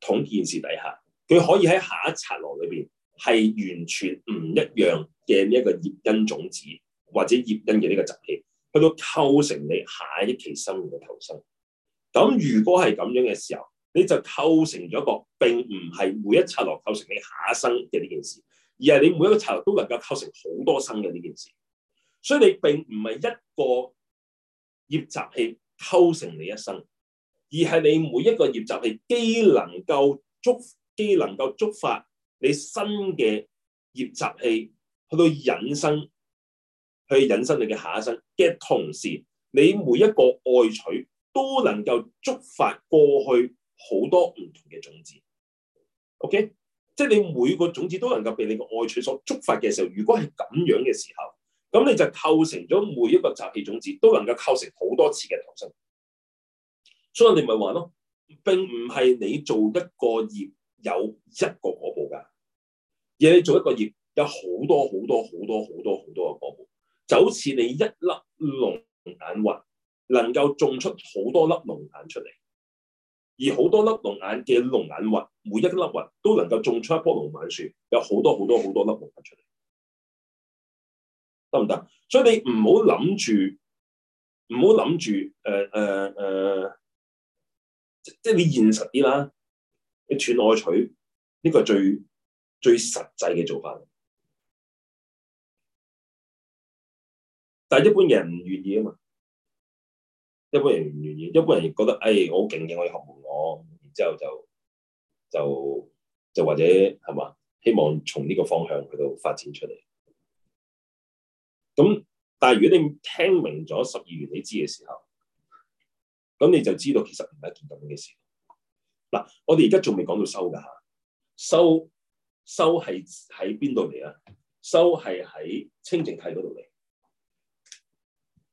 同件事底下，佢可以喺下一層羅裏邊係完全唔一樣嘅一個業因種子或者業因嘅呢個習氣，去到構成你下一期生命嘅投生。咁如果係咁樣嘅時候，你就構成咗個並唔係每一層羅構成你下一生嘅呢件事。而係你每一個巢都能夠構成好多生嘅呢件事，所以你並唔係一個業習氣構成你一生，而係你每一個業習氣既能夠觸既能夠觸發你新嘅業習氣，去到引生，去引生你嘅下一生嘅同時，你每一個愛取都能夠觸發過去好多唔同嘅種子，OK？即係你每個種子都能夠被你個愛取所觸發嘅時候，如果係咁樣嘅時候，咁你就構成咗每一個習氣種子都能夠構成好多次嘅投生。所以你咪話咯，並唔係你做一個業有一個果報㗎，而你做一個業有好多好多好多好多好多嘅果報。就好似你一粒龍眼核能夠種出好多粒龍眼出嚟。而好多粒龍眼嘅龍眼核，每一粒核都能夠種出一樖龍眼樹，有好多好多好多粒龍眼出嚟，得唔得？所以你唔好諗住，唔好諗住，誒誒誒，即、呃、係、呃就是、你現實啲啦，你斷愛取呢、這個係最最實際嘅做法，但係一般人唔願意啊嘛，一般人唔願意，一般人亦覺得誒我好勁嘅，我要學我然之後就就就或者係嘛，希望從呢個方向去到發展出嚟。咁但係如果你聽明咗十二緣起支嘅時候，咁你就知道其實唔係一件咁嘅事。嗱，我哋而家仲未講到收噶吓，收收係喺邊度嚟啊？收係喺清淨體嗰度嚟，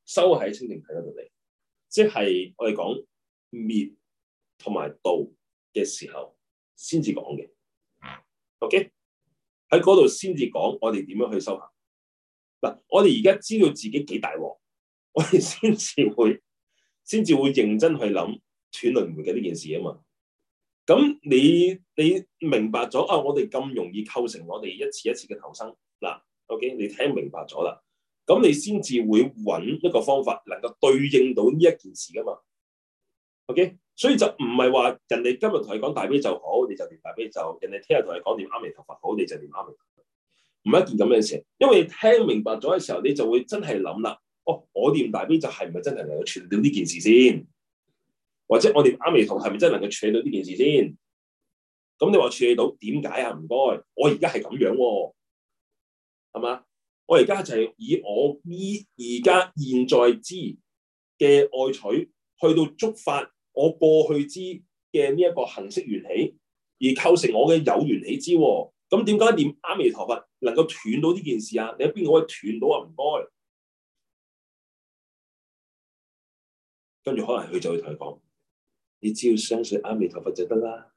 收係喺清淨體嗰度嚟，即係我哋講滅。同埋道嘅時候先至講嘅，OK 喺嗰度先至講我哋點樣去修行。嗱，我哋而家知道自己幾大鑊，我哋先至會先至會認真去諗斷輪迴嘅呢件事啊嘛，咁你你明白咗啊？我哋咁容易構成我哋一次一次嘅投生。嗱，OK 你聽明白咗啦，咁你先至會揾一個方法能夠對應到呢一件事噶嘛？O.K.，所以就唔係話人哋今日同你講大悲咒好，你就念大悲咒；人哋聽日同你講念阿彌陀佛好，你就念阿彌陀佛。唔係一件咁樣嘅事，因為你聽明白咗嘅時候，你就會真係諗啦。哦，我念大悲咒係咪真係能夠處理到呢件事先？或者我念阿彌陀係咪真係能夠處理到呢件事先？咁你話處理到點解啊？唔該，我而家係咁樣喎，係嘛？我而家就係以我依而家現在之嘅愛取去到觸發。我過去知嘅呢一個行式緣起支，而構成我嘅有緣起支，咁點解念阿彌陀佛能夠斷到呢件事啊？你喺邊個可以斷到啊？唔該，跟住可能佢就會同佢講，你只要相信阿彌陀佛就得啦。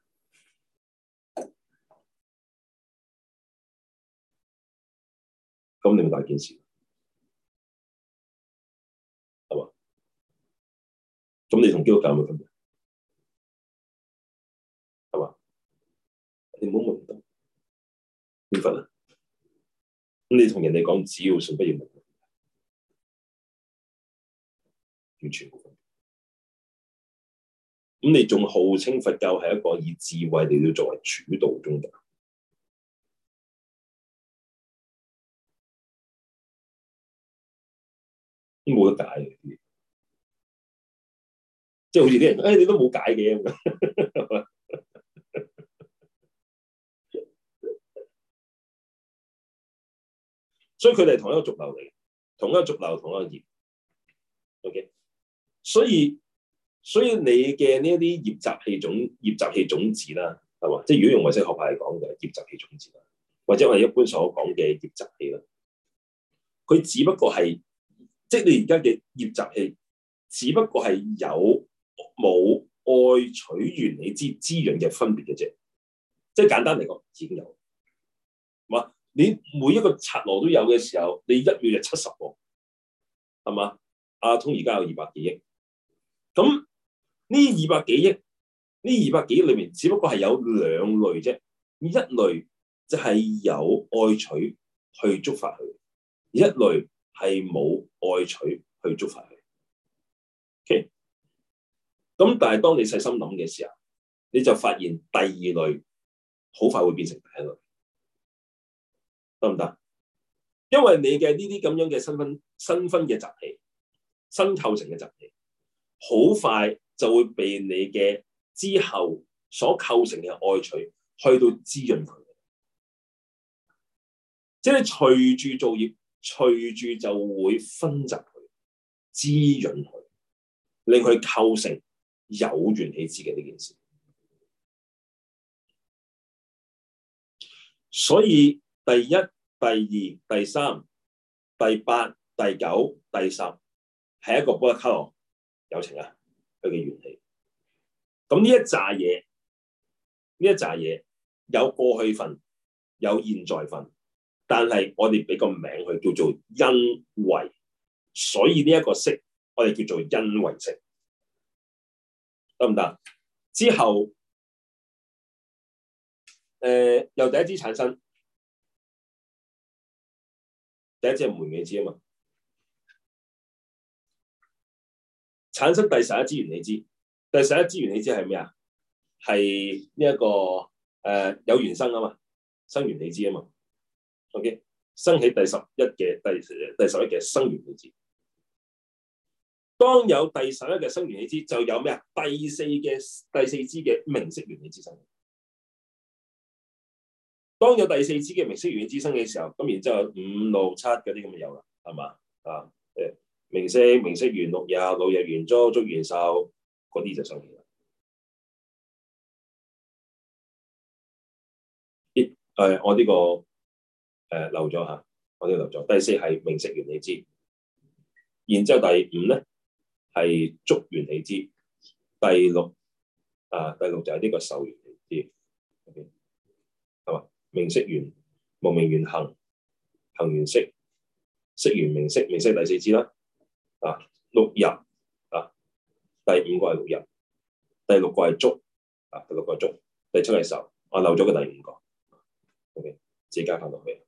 咁你咪大件事，係嘛？咁你同基督教有咩分別？你唔好問，念佛啊！咁你同人哋講，只要信不要問，完全冇。咁你仲號稱佛教係一個以智慧嚟到作為主導宗教，都冇得解嘅。即係好似啲人，誒、哎，你都冇解嘅咁。 所以佢哋同一個續流嚟，同一個續流同一個業。OK，所以所以你嘅呢一啲業習氣種、業習氣種子啦，係嘛？即係如果用外星學派嚟講嘅業習氣種子啦，或者我哋一般所講嘅業習氣啦，佢只不過係即係你而家嘅業習氣只不過係有冇愛取緣起之滋潤嘅分別嘅啫。即係簡單嚟講，已經有。你每一個剎那都有嘅時候，你一秒就七十個，係嘛？阿通而家有二百幾億，咁呢二百幾億呢二百幾億裏面，只不過係有兩類啫。一類就係有愛取去觸發佢，一類係冇愛取去觸發佢。Okay? 咁，但係當你細心諗嘅時候，你就發現第二類好快會變成第一類。得唔得？因為你嘅呢啲咁樣嘅新薰新薰嘅習氣，新構成嘅習氣，好快就會被你嘅之後所構成嘅愛取去到滋潤佢。即係隨住造業，隨住就會薰習佢，滋潤佢，令佢構成有緣起支嘅呢件事。所以。第一、第二、第三、第八、第九、第十，係一個補特伽羅有情啊，佢嘅緣起。咁呢一扎嘢，呢一扎嘢有過去分，有現在分，但係我哋俾個名佢叫做因位，所以呢一個識，我哋叫做因位識，得唔得？之後，誒、呃，又第一支產生。第一支係無明支啊嘛，產生第十一支緣起支。第十一支緣起支係咩啊？係呢一個誒、呃、有緣生啊嘛，生緣起支啊嘛。OK，生起第十一嘅第第十一嘅生緣起支。當有第十一嘅生緣起支，就有咩啊？第四嘅第四支嘅名色緣起支生。當有第四支嘅名色緣起支生嘅時候，咁然之後五六七嗰啲，咁啊有啦，係嘛啊？誒，名色名色緣六入六入緣觸觸緣受嗰啲就上嚟啦。呢、哎、誒，我呢、這個誒漏咗吓，我呢個漏咗。第四係名色緣起支，然之後第五咧係觸緣起支，第六啊，第六就係呢、這個受緣起支，係嘛？Okay? 名色緣，無明緣行，行緣識，識緣名色，名色第四支啦。啊，六入，啊，第五個係六入，第六個係觸，啊，第六個係觸。第七係受，我漏咗個第五個。O.K.、啊、自己加番落去。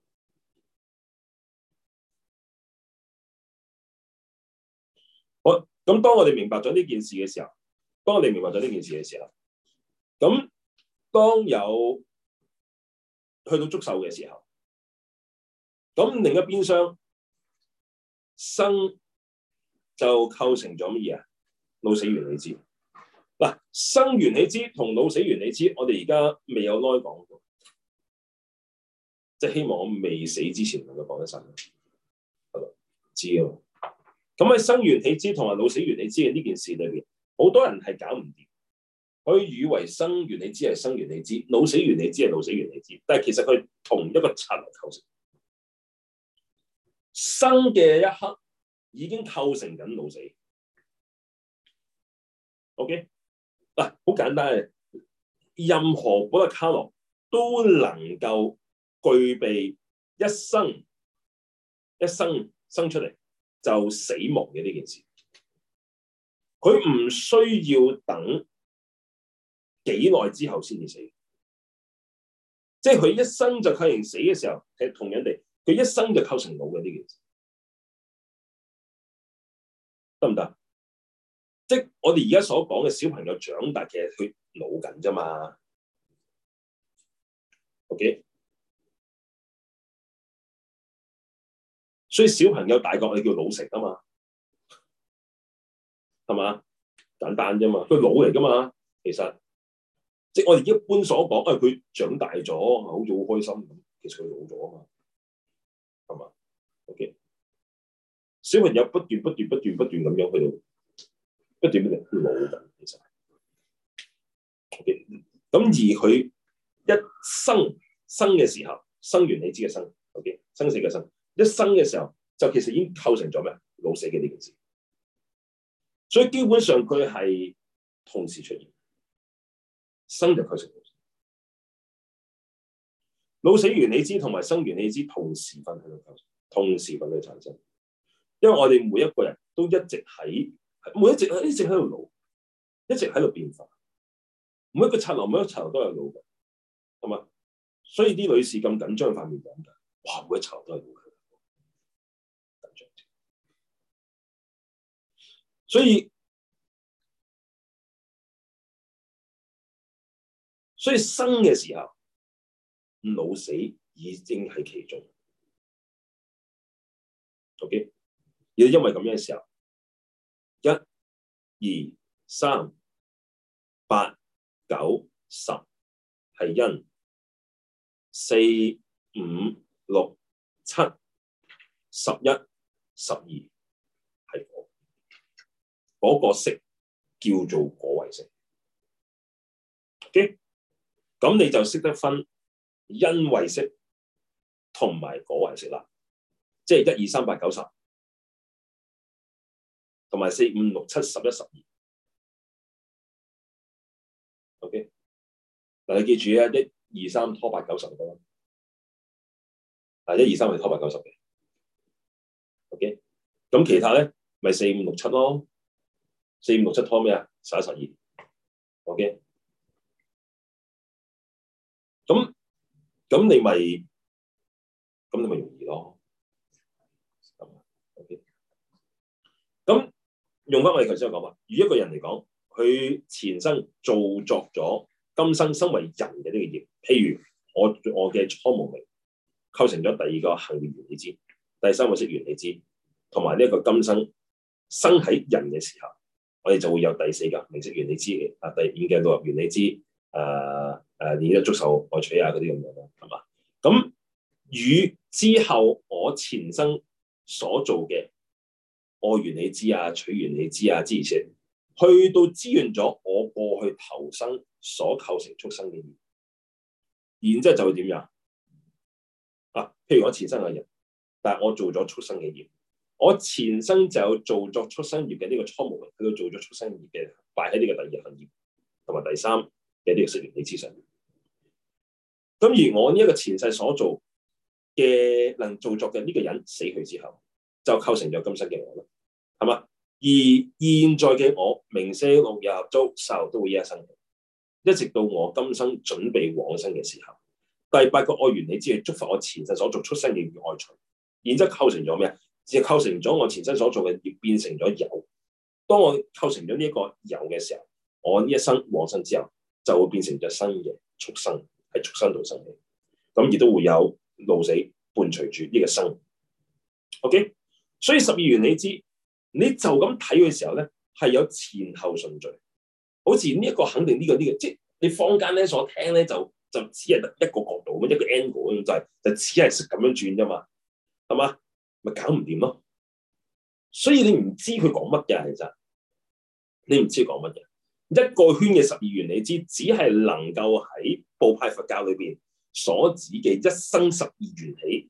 好，咁，當我哋明白咗呢件事嘅時候，當我哋明白咗呢件事嘅時候，咁當有。去到觸受嘅時候，咁另一邊廂生就構成咗乜嘢啊？老死緣起支，嗱生緣起支同老死緣起支，我哋而家未有耐講過，即係希望我未死之前能夠講得深。知道，咁喺生緣起支同埋老死緣起支呢件事裏邊，好多人係搞唔掂。佢以以為生完你知係生完你知，老死完你知係老死完你知，但係其實佢同一個層構成，生嘅一刻已經構成緊老死。OK，嗱、啊、好簡單嘅，任何嗰個補特伽羅都能夠具備一生，一生生出嚟就死亡嘅呢件事，佢唔需要等。幾耐之後先至死，即係佢一生就構成死嘅時候，係同人哋佢一生就構成老嘅呢件事，得唔得？即係我哋而家所講嘅小朋友長大，嘅，其實佢老緊啫嘛。OK，所以小朋友大個你叫老成啊嘛，係嘛？簡單啫嘛，佢老嚟噶嘛，其實。即係我哋一般所講，誒、啊，佢長大咗，好似好開心咁。其實佢老咗啊嘛，係嘛？O K. 小朋友不斷不斷不斷不斷咁樣去到不斷不斷老緊。其實，O K. 咁而佢一生生嘅時候，生完你知嘅生，O K. 生死嘅生，一生嘅時候就其實已經構成咗咩？老死嘅呢件事。所以基本上佢係同時出現。生就佢成老死，老死完你知，同埋生完你知，同時份喺度產生，同時份喺度產生。因為我哋每一個人都一直喺，每一直一直喺度老，一直喺度變化。每一個剎那，每一個剎那都係老，係嘛？所以啲女士咁緊張，塊面咁噶，哇！每一個剎那都係老，緊張啲。所以。所以生嘅時候，老死已經係其中。OK，而因為咁樣嘅時候，一、二、三、八、九、十係因，四、五、六、七、十一、十二係果，嗰個識叫做果位識。o、okay? 咁你就識得分因位識同埋果位識啦，即係一二三八九十，同埋四五六七十一十二。OK，嗱，你記住啊，一二三拖八九十得啦，啊一二三係拖八九十嘅。OK，咁其他咧咪四五六七咯，四五六七拖咩啊？十一十二。OK。咁咁你咪咁你咪容易咯。咁用翻我哋頭先講話，如一個人嚟講，佢前生造作咗今生身為人嘅呢個業，譬如我我嘅初無明，構成咗第二個行業緣起支，第三個識緣起支，同埋呢一個今生生喺人嘅時候，我哋就會有第四嘅名色緣起支，啊第五嘅六入緣起支，誒、呃。誒，你而捉手我取下嗰啲咁樣咯，係嘛？咁與之後我前生所做嘅愛緣起支啊，取緣起支啊，之前去到滋潤咗我過去投生所構成畜生嘅業，然之後就會點樣啊？譬如我前生嘅人，但係我做咗畜生嘅業，我前生就有做咗畜生業嘅呢個初無明，佢都做咗畜生業嘅，擺喺呢個第二行業同埋第三嘅呢個識緣起支之上。咁而我呢一個前世所做嘅能做作嘅呢個人死去之後，就構成咗今生嘅我咯，係嘛？而現在嘅我名色、六入、觸、受都會一一生起，一直到我今生準備往生嘅時候，第八個愛緣起支，滋潤我前世所做畜生嘅業、愛取，然之後構成咗咩啊？就構成咗我前生所做嘅，亦變成咗有。當我構成咗呢一個有嘅時候，我呢一生往生之後，就會變成咗新嘅畜生。係畜生到生起，咁亦都會有老死伴隨住呢個生。Okay，所以十二緣起支，你就咁睇嘅時候咧，係有前後順序。好似呢一個肯定呢個呢個，即係你坊間咧所聽咧就就只係得一個角度，一個 angle 就係就只係咁樣轉啫嘛，係嘛，咪搞唔掂咯。所以你唔知佢講乜嘅，其實你唔知講乜嘅一個圈嘅十二緣起支只係能夠喺。部派佛教裏邊所指嘅一生十二緣起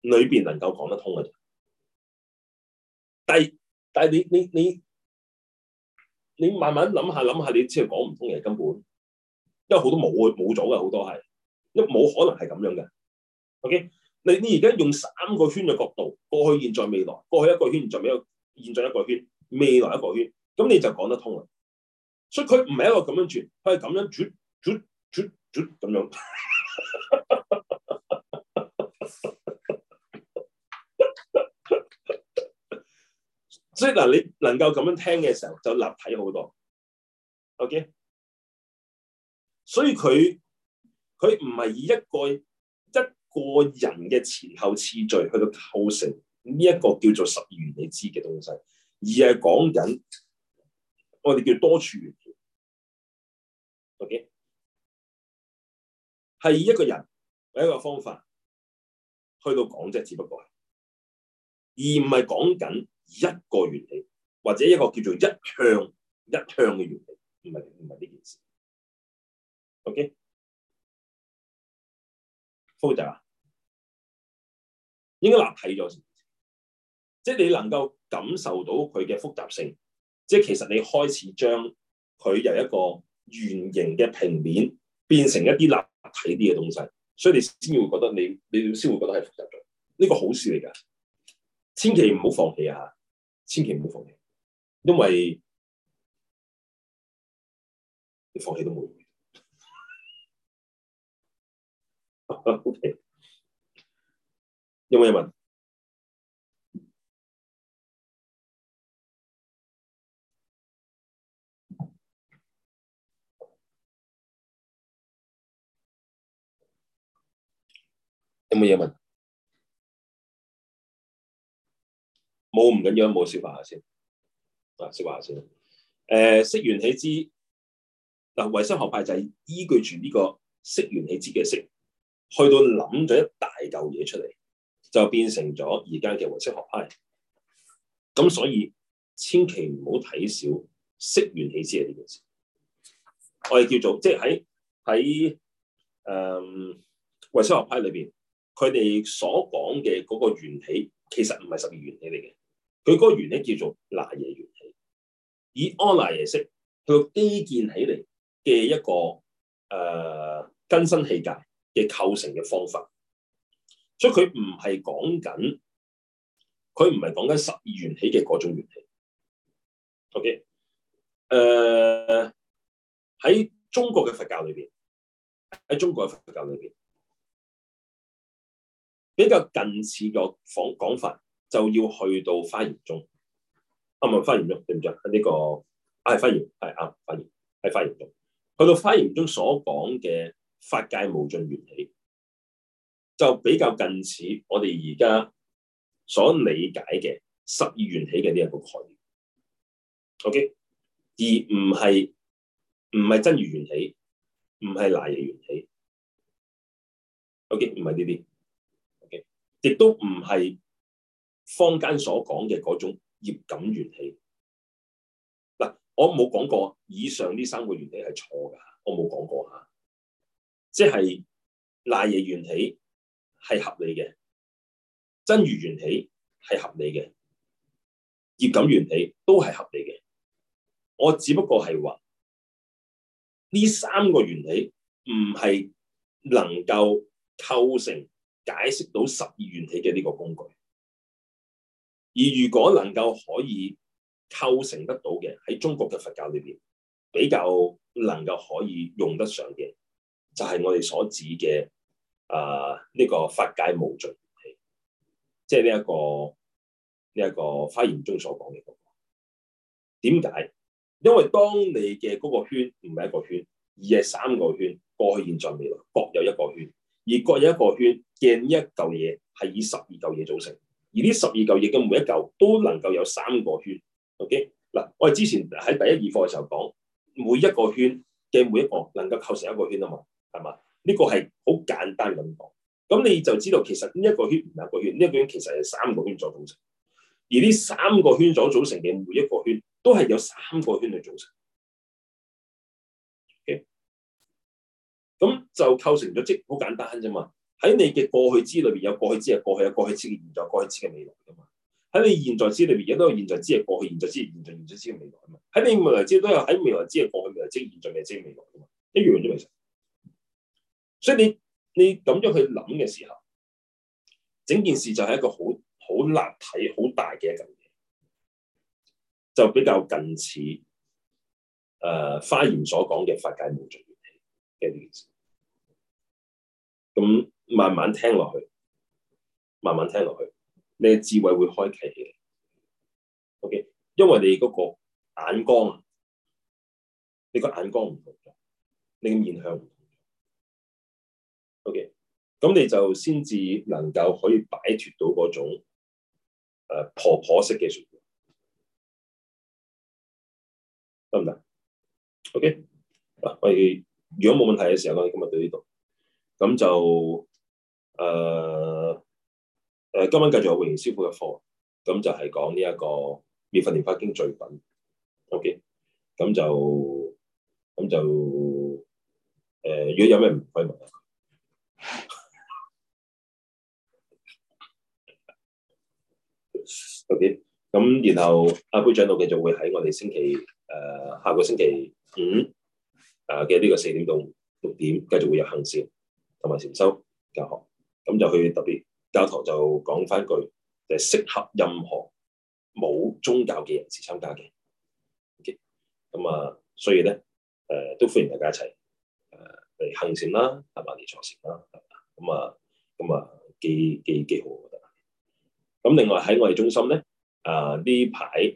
裏邊能夠講得通嘅，但係但係你你你你慢慢諗下諗下，你即係講唔通嘅根本，因為好多冇冇咗嘅好多係，因冇可能係咁樣嘅。OK，你你而家用三個圈嘅角度，過去、現在、未來，過去一個圈，現在一個，現在一個圈，未來一個圈，咁你就講得通啦。所以佢唔係一個咁樣轉，佢係咁樣轉轉。咁這樣，即係嗱，你能夠咁樣聽嘅時候就立體好多，OK？所以佢佢唔係以一個一個人嘅前後次序去到構成呢一個叫做十二緣起嘅東西，而係講緊我哋叫多處緣起，OK？係以一個人為一個方法去到講啫，只不過係，而唔係講緊一個原理或者一個叫做「一向」「一向」嘅原理，唔係唔係呢件事。O K. 複雜啊應該立體咗先。即係你能夠感受到佢嘅複雜性，即係其實你開始將佢由一個圓形嘅平面變成一啲立。睇啲嘅東西，所以你先會覺得你你先會覺得係複雜嘅。呢個好事嚟噶，千祈唔好放棄啊！千祈唔好放棄，因為你放棄都冇用。 OK，有冇人問？有冇嘢問？冇唔緊要緊，冇說話下先下。啊、呃，說話下先。誒，識緣起支嗱，唯、呃、識學派就係依據住呢個識緣起支嘅識，去到諗咗一大嚿嘢出嚟，就變成咗而家嘅唯識學派。咁所以千祈唔好睇小識緣起支呢件事。我哋叫做即係喺喺誒唯識學派裏邊。佢哋所講嘅嗰個緣起，其實唔係十二緣起嚟嘅，佢嗰個緣起叫做賴耶緣起，以阿賴耶識去基建起嚟嘅一個誒、呃、根身器界嘅構成嘅方法，所以佢唔係講緊，佢唔係講緊十二緣起嘅嗰種緣起。O.K. 誒、呃、喺中國嘅佛教裏邊，喺中國嘅佛教裏邊。比較近似個講講法，就要去到華嚴中。啊，唔係華嚴中，對唔對？喺、這、呢個，係、啊、華嚴，係啊，華嚴喺華嚴中。去到華嚴中所講嘅法界無盡緣起，就比較近似我哋而家所理解嘅十二緣起嘅呢一個概念。OK，而唔係唔係真如緣起，唔係賴耶緣起。OK，唔係呢啲。亦都唔係坊間所講嘅嗰種業感緣起嗱，我冇講過以上呢三個原理係錯噶，我冇講過啊，即係賴耶緣起係合理嘅，真如緣起係合理嘅，業感緣起都係合理嘅，我只不過係話呢三個原理唔係能夠構成，解釋到十二緣起嘅呢個工具，而如果能夠可以構成得到嘅，喺中國嘅佛教裏邊比較能夠可以用得上嘅，就係、是、我哋所指嘅啊呢個法界無盡緣起，即係呢一個個呢一個、呢個華嚴中所講嘅嗰個。點解？因為當你嘅嗰個圈唔係一個圈，而係三個圈，過去、現在、未來各有一個圈。而各有一個圈嘅呢一嚿嘢係以十二嚿嘢組成，而呢十二嚿嘢嘅每一嚿都能夠有三個圈。OK，嗱，我哋之前喺第一二課嘅時候講，每一個圈嘅每一個能夠構成一個圈啊嘛，係嘛？呢個係好簡單咁講，咁你就知道其實呢一個圈唔係一個圈，呢一個圈其實係三個圈組成，而呢三個圈所組成嘅每一個圈都係有三個圈去組成。咁就構成咗即好簡單啫嘛，喺你嘅過去之裏邊有過去之嘅過去，有過去之嘅現在，過去之嘅未來噶嘛。喺你現在之裏邊亦都有現在之嘅過去，現在之現在現在之嘅未來噶嘛。喺你未來之都有喺未來之嘅過去，未來之現在未來之未來噶嘛，一樣都未嘗。所以你你咁樣去諗嘅時候，整件事就係一個好好立體、好大嘅一嚿嘢，就比較近似誒、呃、花言所講嘅法界無盡緣起嘅呢件事。咁慢慢聽落去，慢慢聽落去，你嘅智慧會開啟嘅。O K，因為你嗰個眼光啊，你個眼光唔同咗，你嘅面向唔同咗。O K，咁你就先至能夠可以擺脱到嗰種誒、呃、婆婆式嘅狀態，得唔得？O K，嗱，我哋如果冇問題嘅時候，我哋今日到呢度。咁就誒誒、呃呃，今晚繼續有榮師傅嘅課，咁就係講呢一個《妙法蓮花經》序品。OK，咁就咁就誒、呃，如果有咩唔可以問啊？六點咁，然後阿杯長老繼續會喺我哋星期誒、呃、下個星期五誒嘅呢個四點到六點繼續會有行善。同埋禪修教學，咁就去特別教堂就講翻句，就係適合任何冇宗教嘅人士參加嘅。咁、okay? 啊，所以咧，誒、呃，都歡迎大家一齊誒嚟行善啦，同埋嚟坐善啦，咁啊，咁啊，幾幾幾好，我覺得。咁另外喺我哋中心咧，啊呢排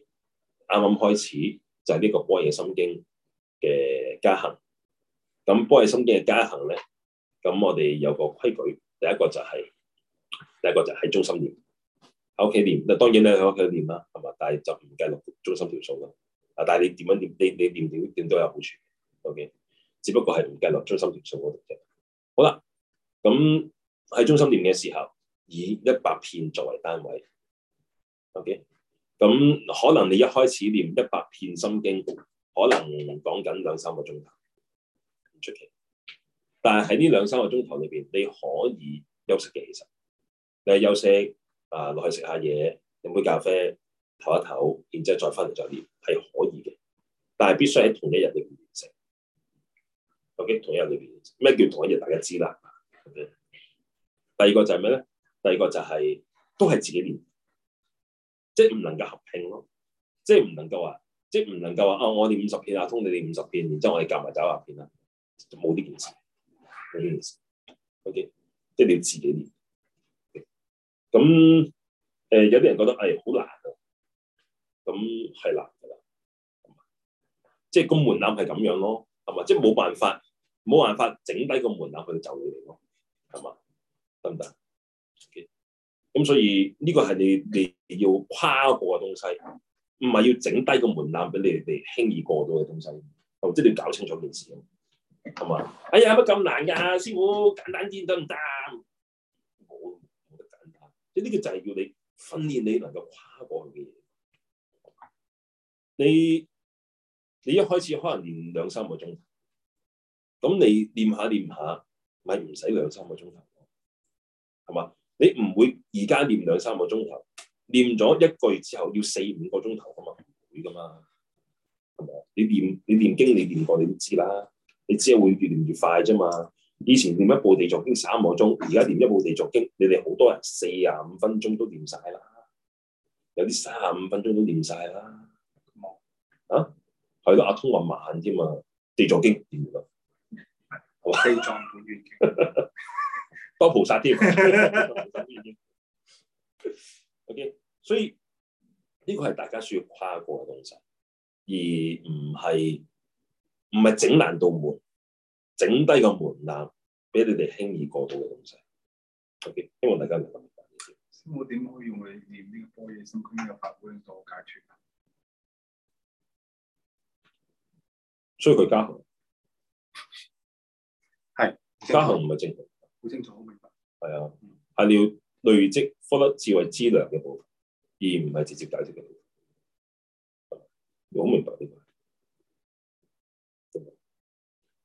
啱啱開始就係呢個《般若心經》嘅加行，咁《般若心經》嘅加行咧。.咁我哋有個規矩，第一個就係、是，第一個就喺中心念，喺屋企念。嗱，當然你喺屋企念啦，係嘛，但係就唔計落中心條數咯。啊，但係你點樣你你你念，你你念了點都有好處。OK，只不過係唔計落中心條數嗰度啫。好啦，咁喺中心念嘅時候，以一百遍作為單位。O K，咁可能你一開始念一百遍心經，可能講緊兩三個鐘頭，唔出奇。但係喺呢兩三個鐘頭裏邊，你可以休息嘅。其實你休息啊，落去食下嘢，飲杯咖啡，唞一唞，然之後再翻嚟再練，係可以嘅。但係必須喺同一日裏邊完成。究竟同一日裏邊完成，咩叫同一日？大家知啦。第二個就係咩咧？第二個就係都係自己練，即係唔能夠合拼咯，即係唔能夠話，即係唔能夠話啊！我哋五十片啊，通你哋五十片，然之後我哋夾埋走下片啦，就冇呢件事。嗯，okay，即係你要自己練。咁，okay，誒、呃，有啲人覺得誒好難啊。咁係啦，係啦，即係個門檻係咁樣咯，係嘛？即係冇辦法，冇辦法整低個門檻去就你哋咯，係嘛？得唔得？咁，okay，所以呢個係你你要跨過嘅東西，唔係要整低個門檻俾你哋輕易過到嘅東西。哦，即係你要搞清楚件事。係嘛？哎呀，乜咁難噶、啊？師傅簡單啲得唔得？冇得簡單。即呢、呢個就係要你訓練你能夠跨過嘅嘢。你你一開始可能練兩三個鐘頭，咁你練下練下，咪唔使兩三個鐘頭。係嘛？你唔會而家練兩三個鐘頭，練咗一個月之後要四五個鐘頭噶嘛？唔會噶嘛？係嘛？你念你念經，你念過，你都知啦。你只係會越唸越快啫嘛！以前唸一部地藏經三個鐘，而家唸一部地藏經，你哋好多人四十五分鐘都唸晒啦，有啲三十五分鐘都唸晒啦。嗯、啊，係咯，阿通話慢添嘛，地藏經唸唔到，我悲壯唸完經，當 菩薩啲。O、okay. K，所以呢、呢個係大家需要跨過嘅東西，而唔係。唔係整難道門，整低個門檻，俾你哋輕易過到嘅東西。Okay. 希望大家明白。我點可以用你練呢個般若心經嘅法門做解脫，所以佢加行係加行唔係正途，好清楚好明白。係啊，係要累積福德智慧資糧嘅部分，而唔係直接解釋嘅部分。你好明白呢個。